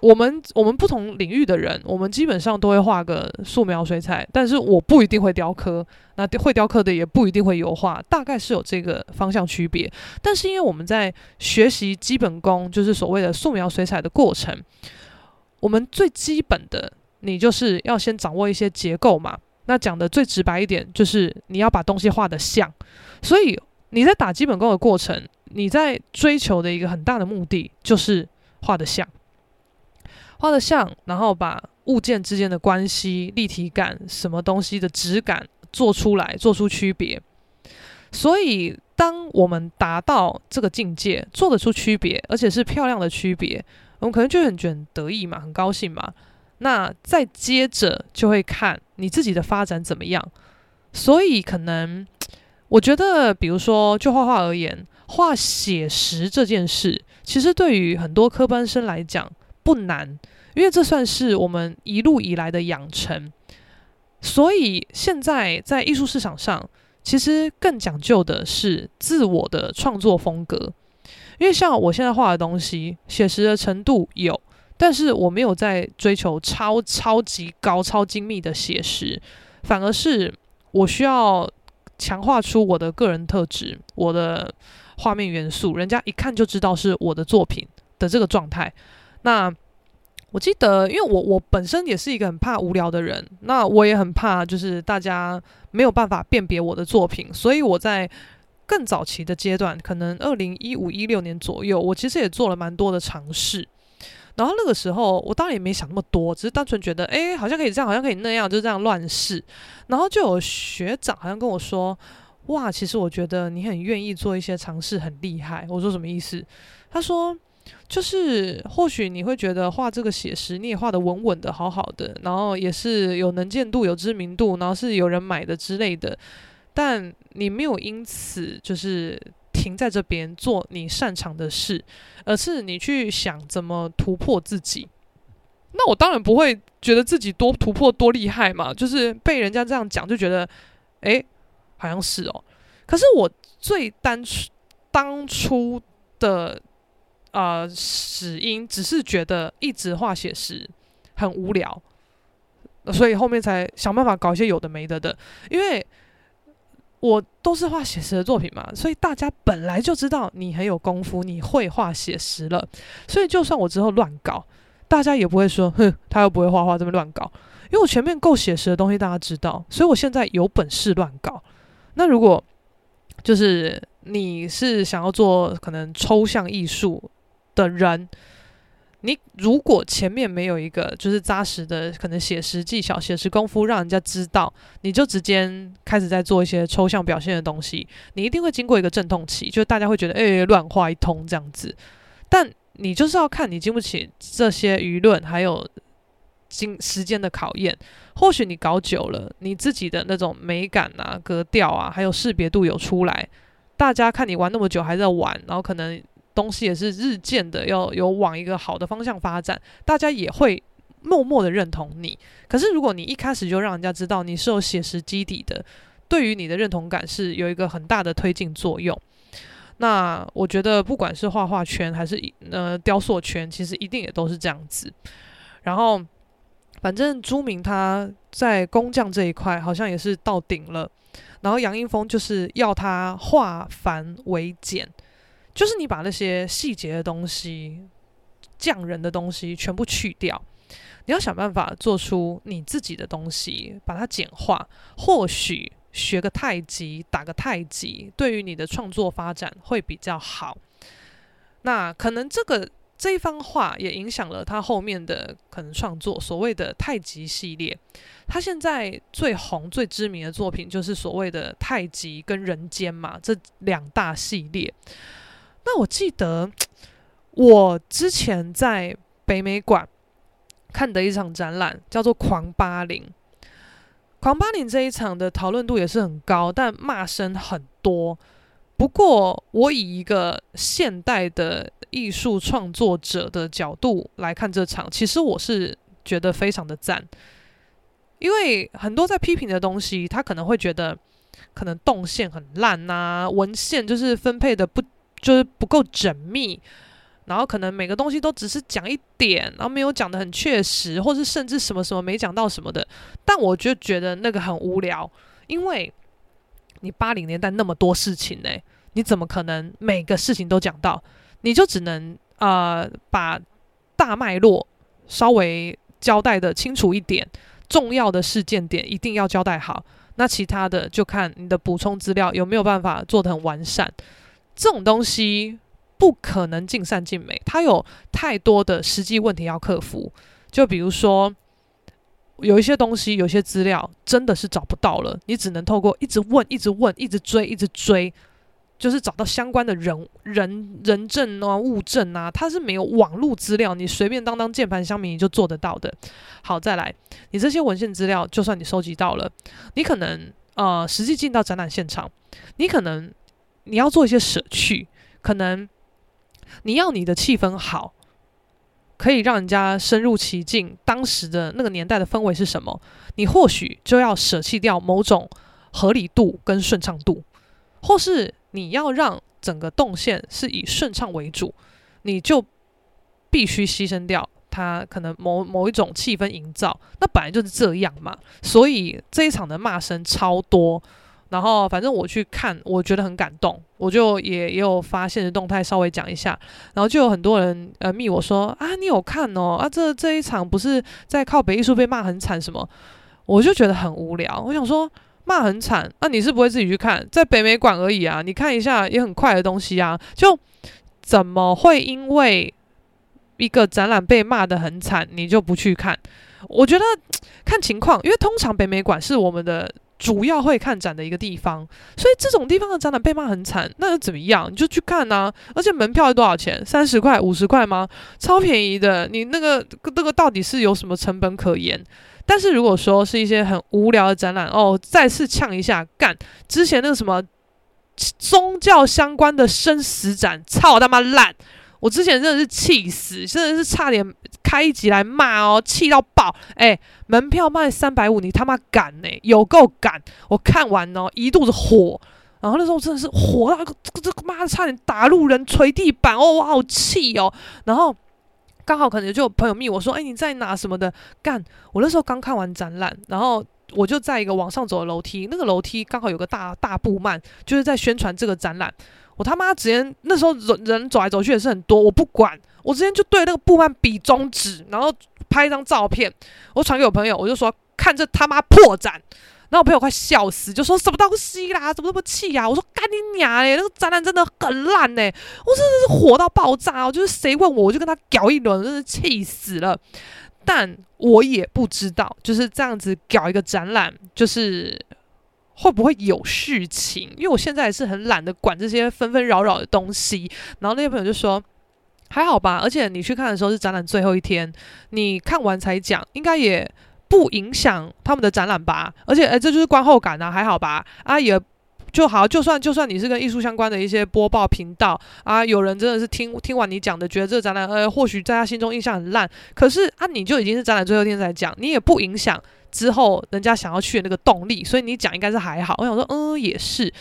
我們我們不同領域的人，我們基本上都會畫個素描、水彩，但是我不一定會雕刻。那會雕刻的也不一定會油畫，大概是有這個方向區別。但是因為我們在學習基本功，就是所謂的素描、水彩的過程，我們最基本的你就是要先掌握一些結構嘛。那講的最直白一點，就是你要把東西畫得像。所以你在打基本功的過程，你在追求的一個很大的目的就是畫得像。畫得像，然後把物件之間的關係、立體感、什麼東西的質感做出來，做出區別。所以，當我們達到這個境界，做得出區別，而且是漂亮的區別，我們可能就很覺得很得意嘛，很高興嘛。那再接着就會看你自己的發展怎麼樣。所以，可能我覺得，比如說就畫畫而言，畫寫實這件事，其實對於很多科班生來講。不難，因為這算是我們一路以來的養成。所以現在在藝術市場上，其實更講究的是自我的創作風格。因為像我現在畫的東西，寫實的程度有，但是我沒有在追求超超級高、超精密的寫實，反而是我需要強化出我的個人特質、我的畫面元素，人家一看就知道是我的作品的這個狀態。那我記得，因為我我本身也是一個很怕無聊的人，那我也很怕就是大家沒有辦法辨別我的作品，所以我在更早期的階段，可能二零一五一六年左右，我其實也做了蠻多的嘗試。然後那個時候，我當然也沒想那麼多，只是單純覺得，哎、欸，好像可以這樣，好像可以那樣，就這樣亂試。然後就有學長好像跟我說，哇，其實我覺得你很願意做一些嘗試，很厲害。我說什麼意思？他說。就是或許你會覺得畫這個寫實，你也畫得穩穩的好好的，然後也是有能見度、有知名度，然後是有人買的之類的。但你沒有因此就是停在這邊做你擅長的事，而是你去想怎麼突破自己。那我當然不會覺得自己多突破多厲害嘛，就是被人家這樣講就覺得，哎、欸，好像是哦。可是我最當初當初的。啊！死因、呃、只是覺得一直畫寫實很無聊，所以後面才想辦法搞一些有的沒的的。因為我都是畫寫實的作品嘛，所以大家本來就知道你很有功夫，你會畫寫實了。所以就算我之後亂搞，大家也不會說哼，他又不會畫畫這麼亂搞。因為我前面夠寫實的東西，大家知道，所以我現在有本事亂搞。那如果就是你是想要做可能抽象藝術的人，你如果前面沒有一個就是扎實的可能寫實技巧、寫實功夫，讓人家知道，你就直接開始在做一些抽象表現的東西，你一定會經過一個陣痛期，就大家會覺得哎，亂畫一通這樣子。但你就是要看你經不起這些輿論還有經時間的考驗，或許你搞久了，你自己的那種美感啊、格調啊，還有識別度有出來，大家看你玩那麼久還在玩，然後可能。東西也是日漸的要有往一個好的方向發展，大家也會默默的認同你。可是如果你一開始就讓人家知道你是有寫實基底的，對於你的認同感是有一個很大的推進作用。那我覺得不管是畫畫圈還是呃雕塑圈，其實一定也都是這樣子。然後反正朱銘他在工匠這一塊好像也是到頂了，然後楊英風就是要他化繁為簡。就是你把那些細節的東西、匠人的東西全部去掉，你要想辦法做出你自己的東西，把它簡化。或許學個太極，打個太極，對於你的創作發展會比較好。那可能這個這一番話也影響了他後面的可能創作，所謂的太極系列。他現在最紅、最知名的作品就是所謂的太極跟人間嘛，這兩大系列。那我記得我之前在北美館看的一場展覽，叫做《狂八零》。《狂八零》這一場的討論度也是很高，但罵聲很多。不過，我以一個現代的藝術創作者的角度來看這場，其實我是覺得非常的讚。因為很多在批評的東西，他可能會覺得可能動線很爛吶、啊，文獻就是分配的不。就是不夠縝密，然後可能每個東西都只是講一點，然後沒有講得很確實，或是甚至什麼什麼沒講到什麼的。但我就覺得那個很無聊，因為你八零年代那麼多事情哎、欸，你怎麼可能每個事情都講到？你就只能啊、呃、把大脈絡稍微交代得清楚一點，重要的事件點一定要交代好，那其他的就看你的補充資料有沒有辦法做得很完善。這種東西不可能盡善盡美，它有太多的實際問題要克服。就比如說，有一些東西、有一些資料真的是找不到了，你只能透過一直問、一直問、一直追、一直追，就是找到相關的人、人、人證啊、物證啊。它是沒有網路資料，你隨便當當鍵盤鄉民你就做得到的。好，再來，你這些文獻資料，就算你收集到了，你可能呃實際進到展覽現場，你可能。你要做一些捨去，可能你要你的氣氛好，可以讓人家深入其境，當時的那個年代的氛圍是什麼？你或許就要捨棄掉某種合理度跟順暢度，或是你要讓整個動線是以順暢為主，你就必須犧牲掉它，可能某某一種氣氛營造，那本來就是這樣嘛。所以這一場的罵聲超多。然後反正我去看，我覺得很感動，我就也也有發現的動態稍微講一下，然後就有很多人呃密我說，啊你有看哦，啊這這一場不是在靠北藝術被罵很慘什麼，我就覺得很無聊。我想說罵很慘，那、啊、你是不會自己去看，在北美館而已啊，你看一下也很快的東西啊，就怎麼會因為一個展覽被罵得很慘，你就不去看？我覺得看情況，因為通常北美館是我們的。主要會看展的一個地方，所以這種地方的展覽被罵很慘，那又怎麼樣？你就去看吶、啊！而且門票多少錢？三十塊、五十塊嗎？超便宜的，你那個那個到底是有什麼成本可言？但是如果說是一些很無聊的展覽哦，再次嗆一下，幹之前那個什麼宗教相關的生死展，操他媽爛！我之前真的是氣死，真的是差點開一集來罵哦，氣到爆！哎、欸，門票賣三百五，你他媽敢呢、欸？有夠敢！我看完哦，一肚子火。然後那時候真的是火到這個這個媽的，差點打路人、捶地板哦，我好氣哦！然後剛好可能就朋友密我說，哎、欸，你在哪什麼的？幹，我那時候剛看完展覽，然後我就在一個往上走的樓梯，那個樓梯剛好有個大大布幔，就是在宣傳這個展覽。我他媽直接那時候人人走來走去也是很多，我不管，我直接就對那個布幔比中指，然後拍一張照片，我傳給我朋友，我就說，看這他媽破展。然後我朋友快笑死，就說什麼東西啦，怎麼那麼氣呀？、啊？我說幹你娘！嘞、欸，那個展覽真的很爛嘞、欸，我真的是火到爆炸哦、啊。就是誰問我我就跟他搞一輪，真是氣死了。但我也不知道就是這樣子搞一個展覽，就是。會不會有事情？因為我現在也是很懶得管這些紛紛擾擾的東西。然後那些朋友就說：“還好吧，而且你去看的時候是展覽最後一天，你看完才講，應該也不影響他們的展覽吧。而且，哎，這就是觀後感啊，還好吧，啊也。”就好，就算就算你是跟藝術相關的一些播報頻道啊，有人真的是聽聽完你講的，覺得這個展覽呃，或許在他心中印象很爛，可是啊，你就已經是展覽最後一天在講，你也不影響之後人家想要去的那個動力，所以你講應該是還好。我想說，嗯，也是。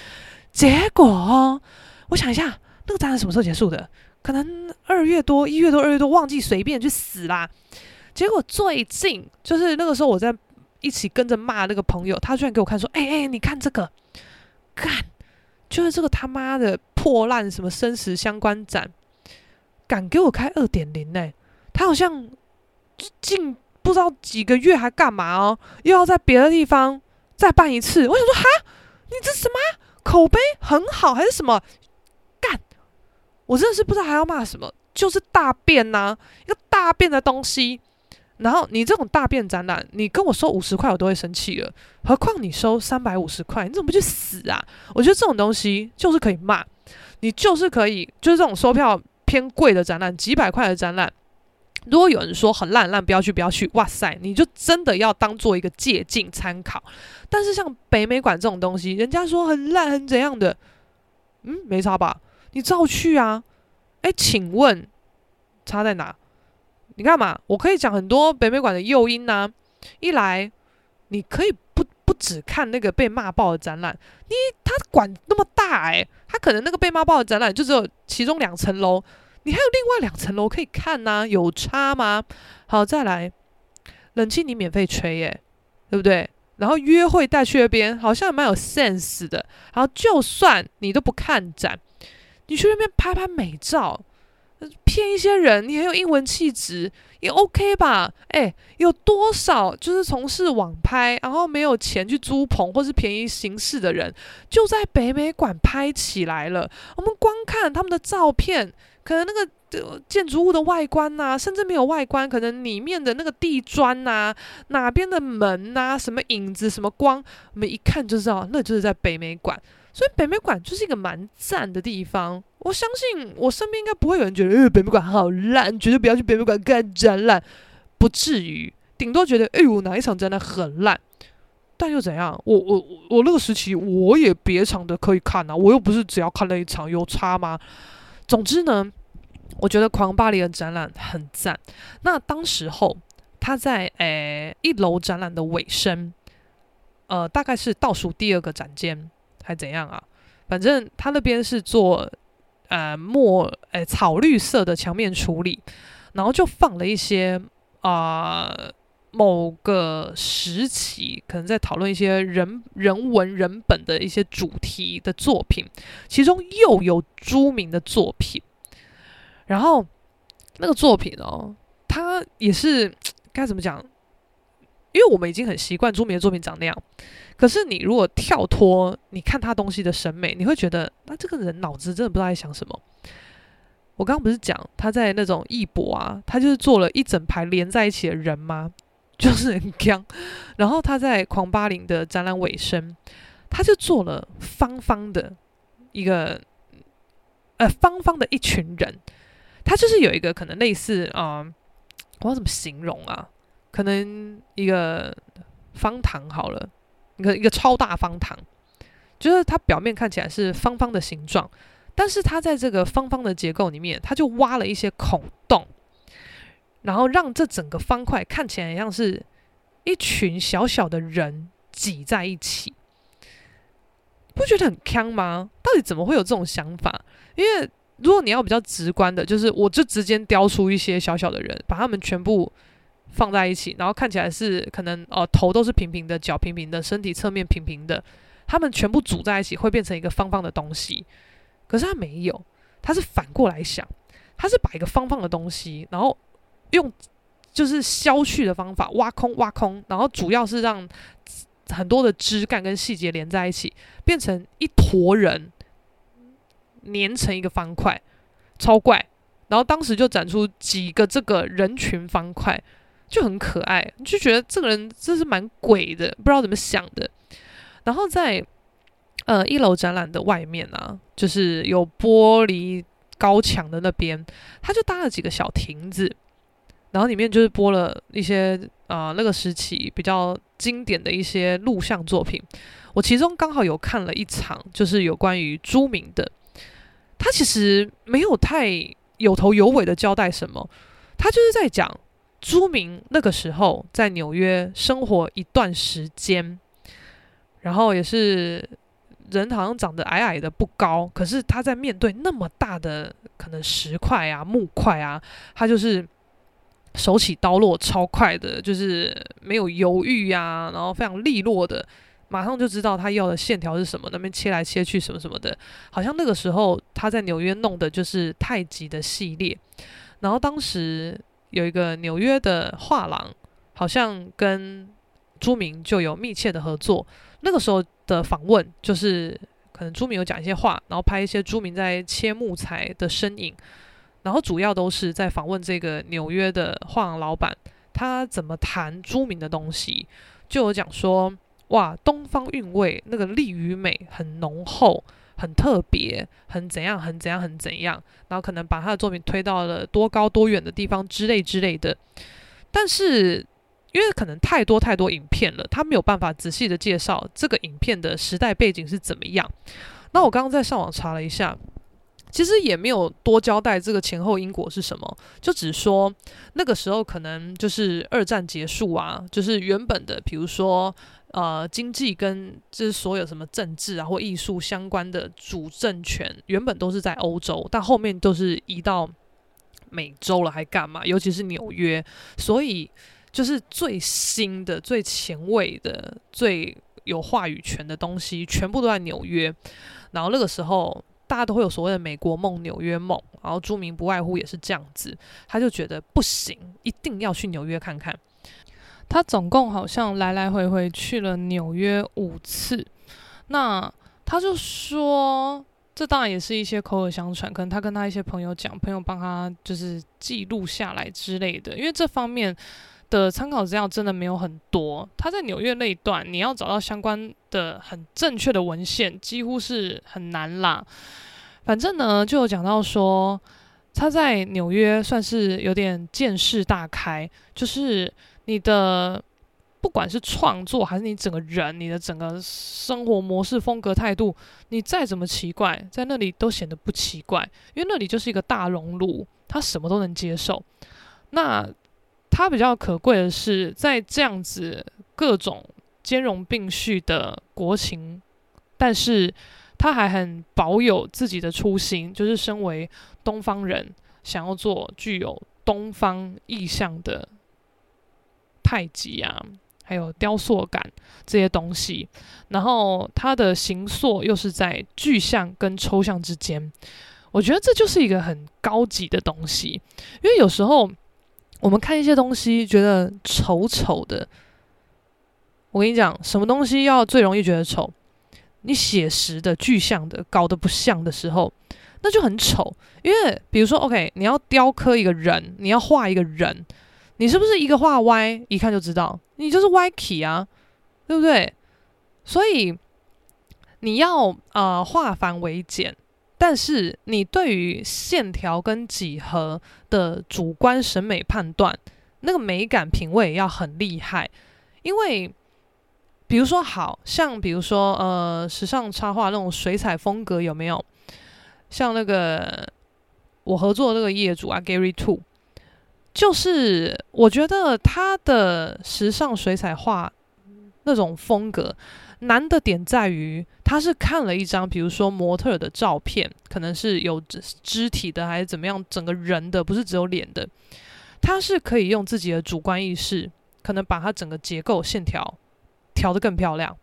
結果我想一下，那個展覽什麼時候結束的？可能二月多，一月多，二月多，忘記隨便去死啦。結果最近就是那個時候，我在一起跟着罵那個朋友，他居然給我看說，哎、欸、哎、欸，你看這個。幹，就是這個他媽的破爛什麼生死相關展，敢給我開二點零咧，他好像近不知道幾個月還幹嘛哦，又要在別的地方再辦一次。我想說哈，你這什麼？口碑很好還是什麼？幹，我真的是不知道還要罵什麼，就是大便吶、啊，一個大便的東西。然後你這種大便展覽，你跟我收五十塊，我都會生氣了。何況你收三百五十塊，你怎麼不去死啊？我覺得這種東西就是可以罵，你就是可以，就是這種收票偏貴的展覽，幾百塊的展覽，如果有人說很爛，爛不要去，不要去。哇塞，你就真的要當做一個借鏡參考。但是像北美館這種東西，人家說很爛，很怎樣的，嗯，沒差吧？你照去啊。誒，請問，差在哪？你看嘛，我可以講很多北美館的誘因吶、啊。一來，你可以不不只看那個被罵爆的展覽，你他館那麼大誒、欸，他可能那個被罵爆的展覽就只有其中兩層樓，你還有另外兩層樓可以看吶、啊，有差嗎？好，再來，冷氣你免費吹耶、欸，對不對？然後約會帶去那邊，好像也蠻有 sense 的。然後就算你都不看展，你去那邊拍拍美照。騙一些人，你很有英文氣質，也 OK 吧？誒、欸，有多少就是從事網拍，然後沒有錢去租棚或是便宜行事的人，就在北美館拍起來了。我們光看他們的照片，可能那個、呃、建築物的外觀吶、啊，甚至沒有外觀，可能裡面的那個地磚吶、啊、哪邊的門吶、啊、什麼影子、什麼光，我們一看就知道，那就是在北美館。所以北美館就是一個蠻讚的地方。我相信我身邊應該不會有人覺得，呃、北美館好爛，絕對不要去北美館看展覽，不至於。頂多覺得，哎、呃、呦，哪一場展覽很爛，但又怎樣？我我我那個時期，我也別場的可以看吶、啊，我又不是只要看那一場有差嗎？總之呢，我覺得狂巴黎的展覽很讚。那當時候他在誒、欸、一樓展覽的尾聲，呃，大概是倒數第二個展間。還怎樣啊？反正他那邊是做呃墨呃、欸、草綠色的牆面處理，然後就放了一些啊、呃、某個時期可能在討論一些人人文人本的一些主題的作品，其中又有朱銘的作品。然後那個作品哦，它也是該怎麼講？因為我們已經很習慣朱銘的作品長那樣。可是你如果跳脫你看他東西的審美，你會覺得他這個人腦子真的不知道在想什麼。我剛剛不是講他在那種藝博啊，他就是做了一整排連在一起的人嗎？就是很僵。 然後他在狂八零的展覽尾聲，他就做了方方的一個，呃，方方的一群人，他就是有一個可能類似啊、呃，我要怎麼形容啊？可能一個方糖好了。一個一個超大方糖，就是它表面看起來是方方的形狀，但是它在這個方方的結構裡面，它就挖了一些孔洞，然後讓這整個方塊看起來像是一群小小的人擠在一起，不覺得很鏘嗎？到底怎麼會有這種想法？因為如果你要比較直觀的，就是我就直接雕出一些小小的人，把他們全部。放在一起，然後看起來是可能哦、呃，頭都是平平的，腳平平的，身體側面平平的，他們全部組在一起會變成一個方方的東西。可是他沒有，他是反過來想，他是把一個方方的東西，然後用就是削去的方法挖空，挖空，然後主要是讓很多的枝幹跟細節連在一起，變成一坨人粘成一個方塊，超怪。然後當時就展出幾個這個人群方塊。就很可愛，就覺得這個人真是蠻鬼的，不知道怎麼想的。然後在呃一樓展覽的外面啊，就是有玻璃高牆的那邊，他就搭了幾個小亭子，然後裡面就是播了一些啊、呃、那個時期比較經典的一些錄像作品。我其中剛好有看了一場，就是有關於朱銘的。他其實沒有太有頭有尾的交代什麼，他就是在講。朱銘那個時候在紐約生活一段時間，然後也是人好像長得矮矮的不高，可是他在面對那麼大的可能石塊啊、木塊啊，他就是手起刀落超快的，就是沒有猶豫呀、啊，然後非常利落的，馬上就知道他要的線條是什麼，那邊切來切去什麼什麼的，好像那個時候他在紐約弄的就是太極的系列，然後當時。有一個紐約的畫廊，好像跟朱銘就有密切的合作。那個時候的訪問，就是可能朱銘有講一些話，然後拍一些朱銘在切木材的身影，然後主要都是在訪問這個紐約的畫廊老闆，他怎麼談朱銘的東西，就有講說，哇，東方韻味那個力與美很濃厚。很特別，很怎樣，很怎樣，很怎樣，然後可能把他的作品推到了多高多遠的地方之類之類的。但是，因為可能太多太多影片了，他沒有辦法仔細的介紹這個影片的時代背景是怎麼樣。那我剛剛在上網查了一下，其實也沒有多交代這個前後因果是什麼，就只說那個時候可能就是二戰結束啊，就是原本的，比如說。呃，經濟跟這所有什麼政治啊或藝術相關的主政權，原本都是在歐洲，但後面都是移到美洲了，還幹嘛？尤其是紐約，所以就是最新的、最前衛的、最有話語權的東西，全部都在紐約。然後那個時候，大家都會有所謂的“美國夢”、“紐約夢”，然後朱銘不外乎也是這樣子。他就覺得不行，一定要去紐約看看。他總共好像來來回回去了紐約五次，那他就說，這當然也是一些口耳相傳，可能他跟他一些朋友講，朋友幫他就是記錄下來之類的。因為這方面的參考資料真的沒有很多。他在紐約那一段，你要找到相關的很正確的文獻，幾乎是很難啦。反正呢，就講到說他在紐約算是有點見識大開，就是。你的不管是創作還是你整個人，你的整個生活模式、風格、態度，你再怎麼奇怪，在那裡都顯得不奇怪，因為那裡就是一個大熔爐，他什麼都能接受。那他比較可貴的是，在這樣子各種兼容並蓄的國情，但是他還很保有自己的初心，就是身為東方人，想要做具有東方意象的。太極啊，還有雕塑感這些東西，然後它的形塑又是在具象跟抽象之間，我覺得這就是一個很高級的東西。因為有時候我們看一些東西覺得醜醜的，我跟你講，什麼東西要最容易覺得醜？你寫實的、具象的，搞得不像的時候，那就很醜。因為比如說，OK，你要雕刻一個人，你要畫一個人。你是不是一個畫歪，一看就知道你就是歪起啊，對不對？所以你要啊、呃、化繁為簡，但是你對於線條跟幾何的主觀審美判斷，那個美感品味要很厲害。因為比如，比如說，好像比如說呃，時尚插畫那種水彩風格有沒有？像那個我合作的那個業主啊，Gary Two。就是我覺得他的時尚水彩畫那種風格難的點在於，他是看了一張比如說模特的照片，可能是有肢肢體的還是怎麼樣，整個人的不是只有臉的，他是可以用自己的主觀意識，可能把他整個結構線條調得更漂亮，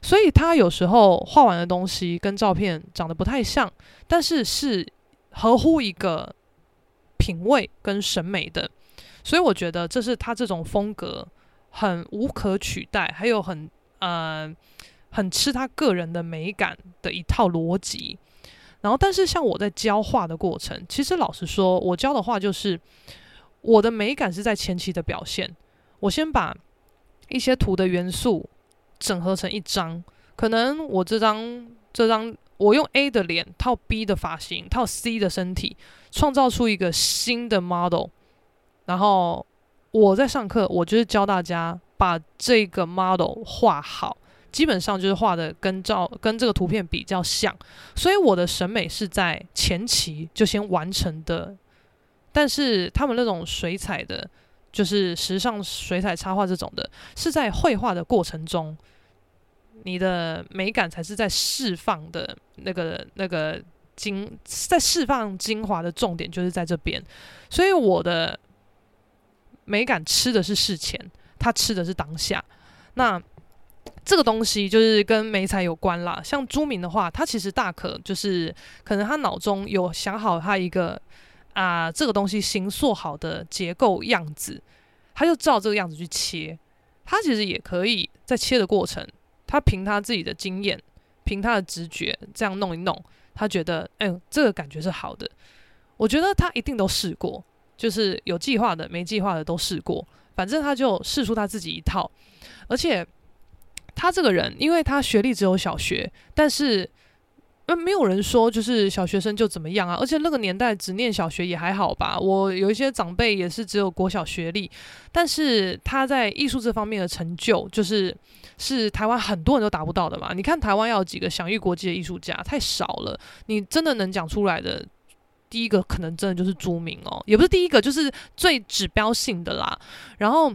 所以他有時候畫完的東西跟照片長得不太像，但是是合乎一個。品味跟審美的，所以我覺得這是他這種風格很無可取代，還有很呃很吃他個人的美感的一套邏輯。然後，但是像我在教畫的過程，其實老實說，我教的畫就是我的美感是在前期的表現，我先把一些圖的元素整合成一張，可能我這張這張。我用 A 的臉套 B 的髮型套 C 的身體，創造出一個新的 model。然後我在上課，我就是教大家把這個 model 畫好，基本上就是畫的跟照跟這個圖片比較像。所以我的審美是在前期就先完成的，但是他們那種水彩的，就是時尚水彩插畫這種的，是在繪畫的過程中。你的美感才是在釋放的那個那個精，在釋放精華的重點就是在這邊，所以我的美感吃的是事前，他吃的是當下。那這個東西就是跟媒材有關啦。像朱銘的話，他其實大可就是可能他腦中有想好他一個啊、呃、這個東西形塑好的結構樣子，他就照這個樣子去切。他其實也可以在切的過程。他憑他自己的經驗，憑他的直覺，這樣弄一弄，他覺得，哎、欸，這個感覺是好的。我覺得他一定都試過，就是有計劃的、沒計劃的都試過。反正他就試出他自己一套。而且他這個人，因為他學歷只有小學，但是、嗯、沒有人說就是小學生就怎麼樣啊。而且那個年代只念小學也還好吧。我有一些長輩也是只有國小學歷，但是他在藝術這方面的成就就是。是台灣很多人都達不到的嘛？你看台灣要幾個享譽國際的藝術家，太少了。你真的能講出來的第一個，可能真的就是朱銘哦，也不是第一個，就是最指標性的啦。然後，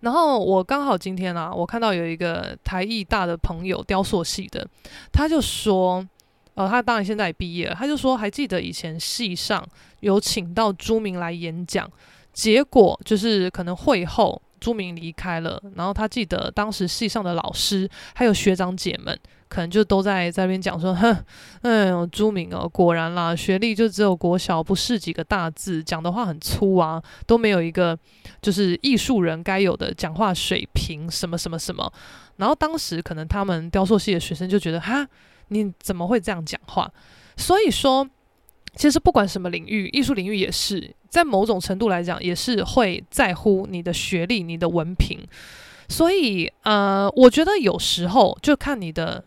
然後我剛好今天啊，我看到有一個台藝大的朋友，雕塑系的，他就說，呃，他當然現在也畢業了，他就說，還記得以前系上有請到朱銘來演講，結果就是可能會後。朱銘離開了，然後他記得當時系上的老師還有學長姐們，可能就都在這邊講說：“哼，哎呦，朱銘哦，果然啦，學歷就只有國小，不識幾個大字，講的話很粗啊，都沒有一個就是藝術人該有的講話水平，什麼什麼什麼。”然後當時可能他們雕塑系的學生就覺得：“哈，你怎麼會這樣講話？”所以說。其實不管什麼領域，藝術領域也是，在某種程度來講，也是會在乎你的學歷、你的文憑。所以，呃，我覺得有時候就看你的，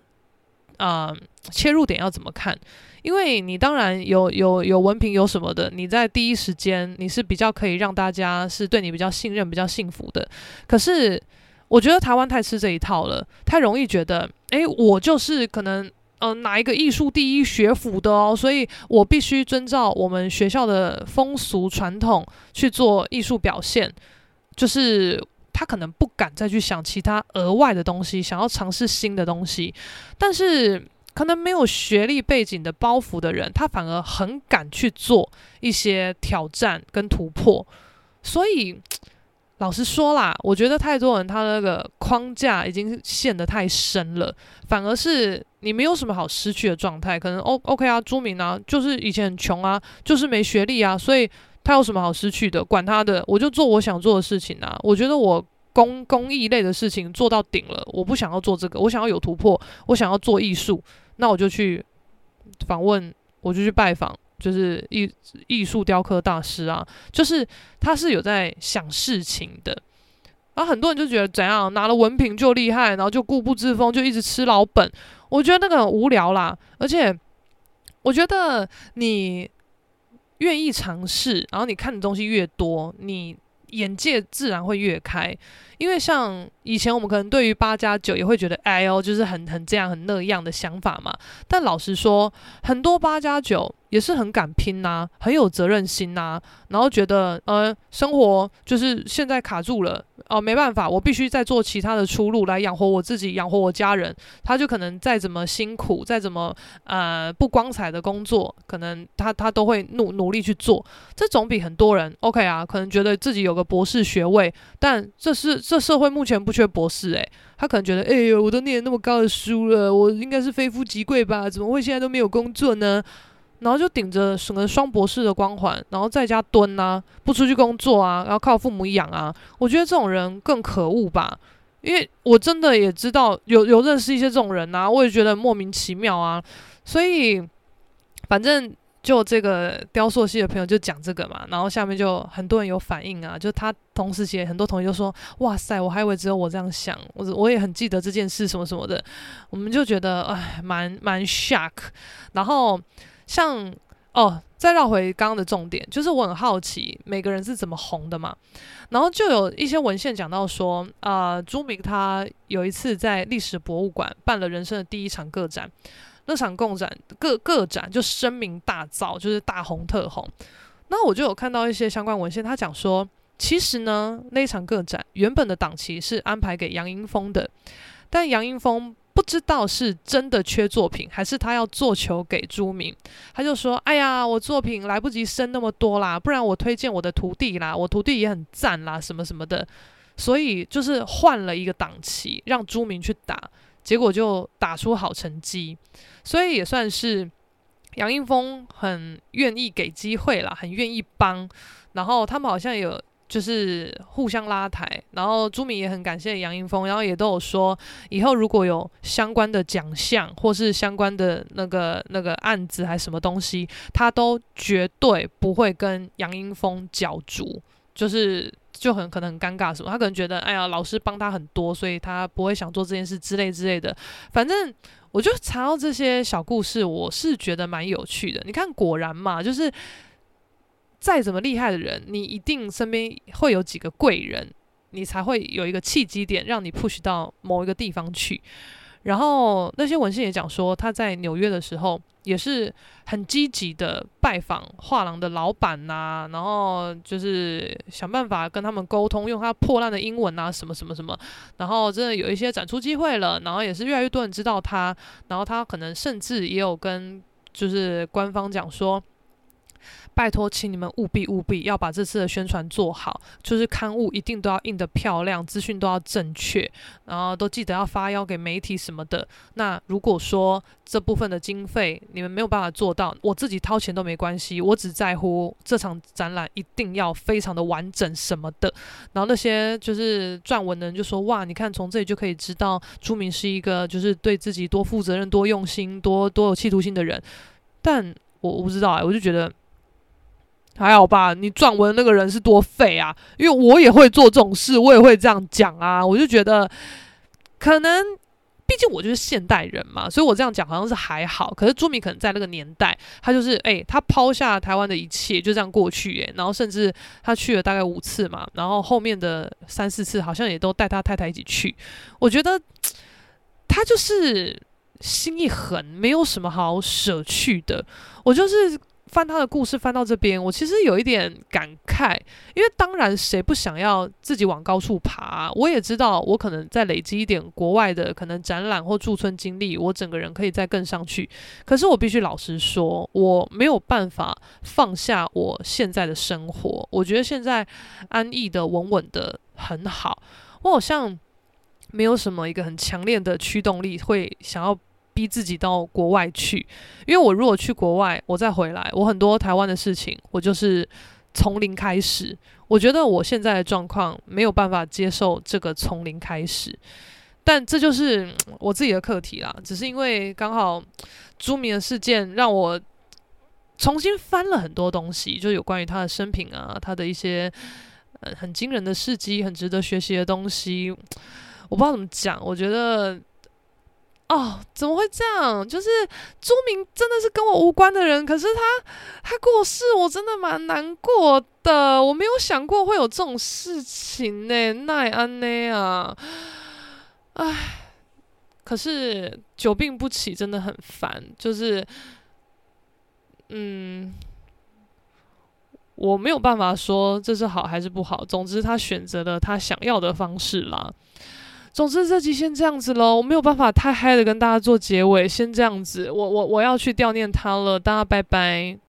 呃，切入點要怎麼看。因為你當然有有有文憑有什麼的，你在第一時間你是比較可以讓大家是對你比較信任、比較信服的。可是，我覺得台灣太吃這一套了，太容易覺得，誒，我就是可能。呃，哪一個藝術第一學府的哦？所以我必須遵照我們學校的風俗傳統去做藝術表現。就是他可能不敢再去想其他額外的東西，想要嘗試新的東西，但是可能沒有學歷背景的包袱的人，他反而很敢去做一些挑戰跟突破。所以。老實說啦，我覺得太多人他那個框架已經陷得太深了，反而是你沒有什麼好失去的狀態。可能 OK 啊，朱銘啊，就是以前很窮啊，就是沒學歷啊，所以他有什麼好失去的？管他的，我就做我想做的事情啊。我覺得我工，工藝類的事情做到頂了，我不想要做這個，我想要有突破，我想要做藝術，那我就去訪問，我就去拜訪。就是藝藝術雕刻大師啊，就是他是有在想事情的，然後很多人就覺得怎樣，拿了文憑就厲害，然後就固步自封，就一直吃老本。我覺得那個很無聊啦，而且我覺得你願意嘗試，然後你看的東西越多，你。眼界自然會越開，因為像以前我們可能對於八加九也會覺得哎呦，就是很很這樣很那樣的想法嘛。但老實說，很多八加九也是很敢拼吶、啊，很有責任心吶、啊，然後覺得呃，生活就是現在卡住了。哦，沒辦法，我必須再做其他的出路來養活我自己，養活我家人。他就可能再怎麼辛苦，再怎麼呃不光彩的工作，可能他他都會努努力去做。這總比很多人 OK 啊，可能覺得自己有個博士學位，但這是這社會目前不缺博士誒、欸。他可能覺得，誒呦，我都念那麼高的書了，我應該是非富即貴吧？怎麼會現在都沒有工作呢？然後就頂着什麼雙博士的光環，然後在家蹲吶、啊，不出去工作啊，然後靠父母養啊。我覺得這種人更可惡吧，因為我真的也知道有有認識一些這種人啊，我也覺得莫名其妙啊。所以反正就這個雕塑系的朋友就講這個嘛，然後下面就很多人有反應啊，就他同時期很多同學就說：“哇塞，我還以為只有我這樣想，我我也很記得這件事什麼什麼的。”我們就覺得哎，蠻蠻,蠻 shock，然後。像哦，再繞回剛剛的重點，就是我很好奇每個人是怎麼紅的嘛。然後就有一些文獻講到說，啊、呃，朱銘他有一次在歷史博物館辦了人生的第一場個展，那場共展個個展就聲名大噪，就是大紅特紅。那我就有看到一些相關文獻，他講說，其實呢，那場個展原本的檔期是安排給楊英風的，但楊英風。知道是真的缺作品，還是他要做球給朱銘，他就說：“哎呀，我作品來不及生那麼多啦，不然我推薦我的徒弟啦，我徒弟也很讚啦，什麼什麼的。”所以就是換了一個檔期，讓朱銘去打，結果就打出好成績，所以也算是楊英風很願意給機會啦，很願意幫。然後他們好像有。就是互相拉抬，然後朱銘也很感謝楊英風。然後也都有說，以後如果有相關的獎項或是相關的那個那個案子還是什麼東西，他都絕對不會跟楊英風角逐，就是就很可能很尷尬什麼，他可能覺得哎呀，老師幫他很多，所以他不會想做這件事之類之類的。反正我就查到這些小故事，我是覺得蠻有趣的。你看，果然嘛，就是。再怎麼厲害的人，你一定身邊會有幾個貴人，你才會有一個契機點，讓你 push 到某一個地方去。然後那些文獻也講說，他在紐約的時候也是很積極的拜訪畫廊的老板吶、啊，然後就是想辦法跟他們溝通，用他破爛的英文啊，什麼什麼什麼。然後真的有一些展出機會了，然後也是越來越多人知道他，然後他可能甚至也有跟就是官方講說。拜託，請你們務必務必要把這次的宣傳做好，就是刊物一定都要印得漂亮，資訊都要正確，然後都記得要發邀給媒體什麼的。那如果說這部分的經費你們沒有辦法做到，我自己掏錢都沒關係，我只在乎這場展覽一定要非常的完整什麼的。然後那些就是撰文的人就說：“哇，你看從這裡就可以知道朱銘是一個就是對自己多負責任、多用心、多多有企圖心的人。”但我我不知道哎、欸，我就覺得。還好吧，你撰文那個人是多廢啊！因為我也會做這種事，我也會這樣講啊。我就覺得，可能畢竟我就是現代人嘛，所以我這樣講好像是還好。可是朱銘可能在那個年代，他就是誒，他、欸、拋下台灣的一切就這樣過去耶、欸，然後甚至他去了大概五次嘛，然後後面的三四次好像也都帶他太太一起去。我覺得他就是心一橫，沒有什麼好捨去的。我就是。翻他的故事翻到這邊，我其實有一點感慨，因為當然誰不想要自己往高處爬？我也知道我可能再累積一點國外的可能展覽或駐村經歷，我整個人可以再更上去。可是我必須老實說，我沒有辦法放下我現在的生活。我覺得現在安逸的、穩穩的很好，我好像沒有什麼一個很強烈的驅動力會想要。逼自己到國外去，因為我如果去國外，我再回來，我很多台灣的事情，我就是從零開始。我覺得我現在的狀況沒有辦法接受這個從零開始，但這就是我自己的課題啦。只是因為剛好朱銘的事件，讓我重新翻了很多東西，就有關於他的生平啊，他的一些呃很驚人的事蹟，很值得學習的東西。我不知道怎麼講，我覺得。哦，怎麼會這樣？就是朱銘真的是跟我無關的人，可是他他過世，我真的蠻難過的。我沒有想過會有這種事情呢，奈安呢啊？哎，可是久病不起真的很煩。就是，嗯，我沒有辦法說這是好還是不好。總之，他選擇了他想要的方式啦。總之，這集先這樣子嘍，我沒有辦法太嗨的跟大家做結尾，先這樣子，我我我要去悼念他了，大家拜拜。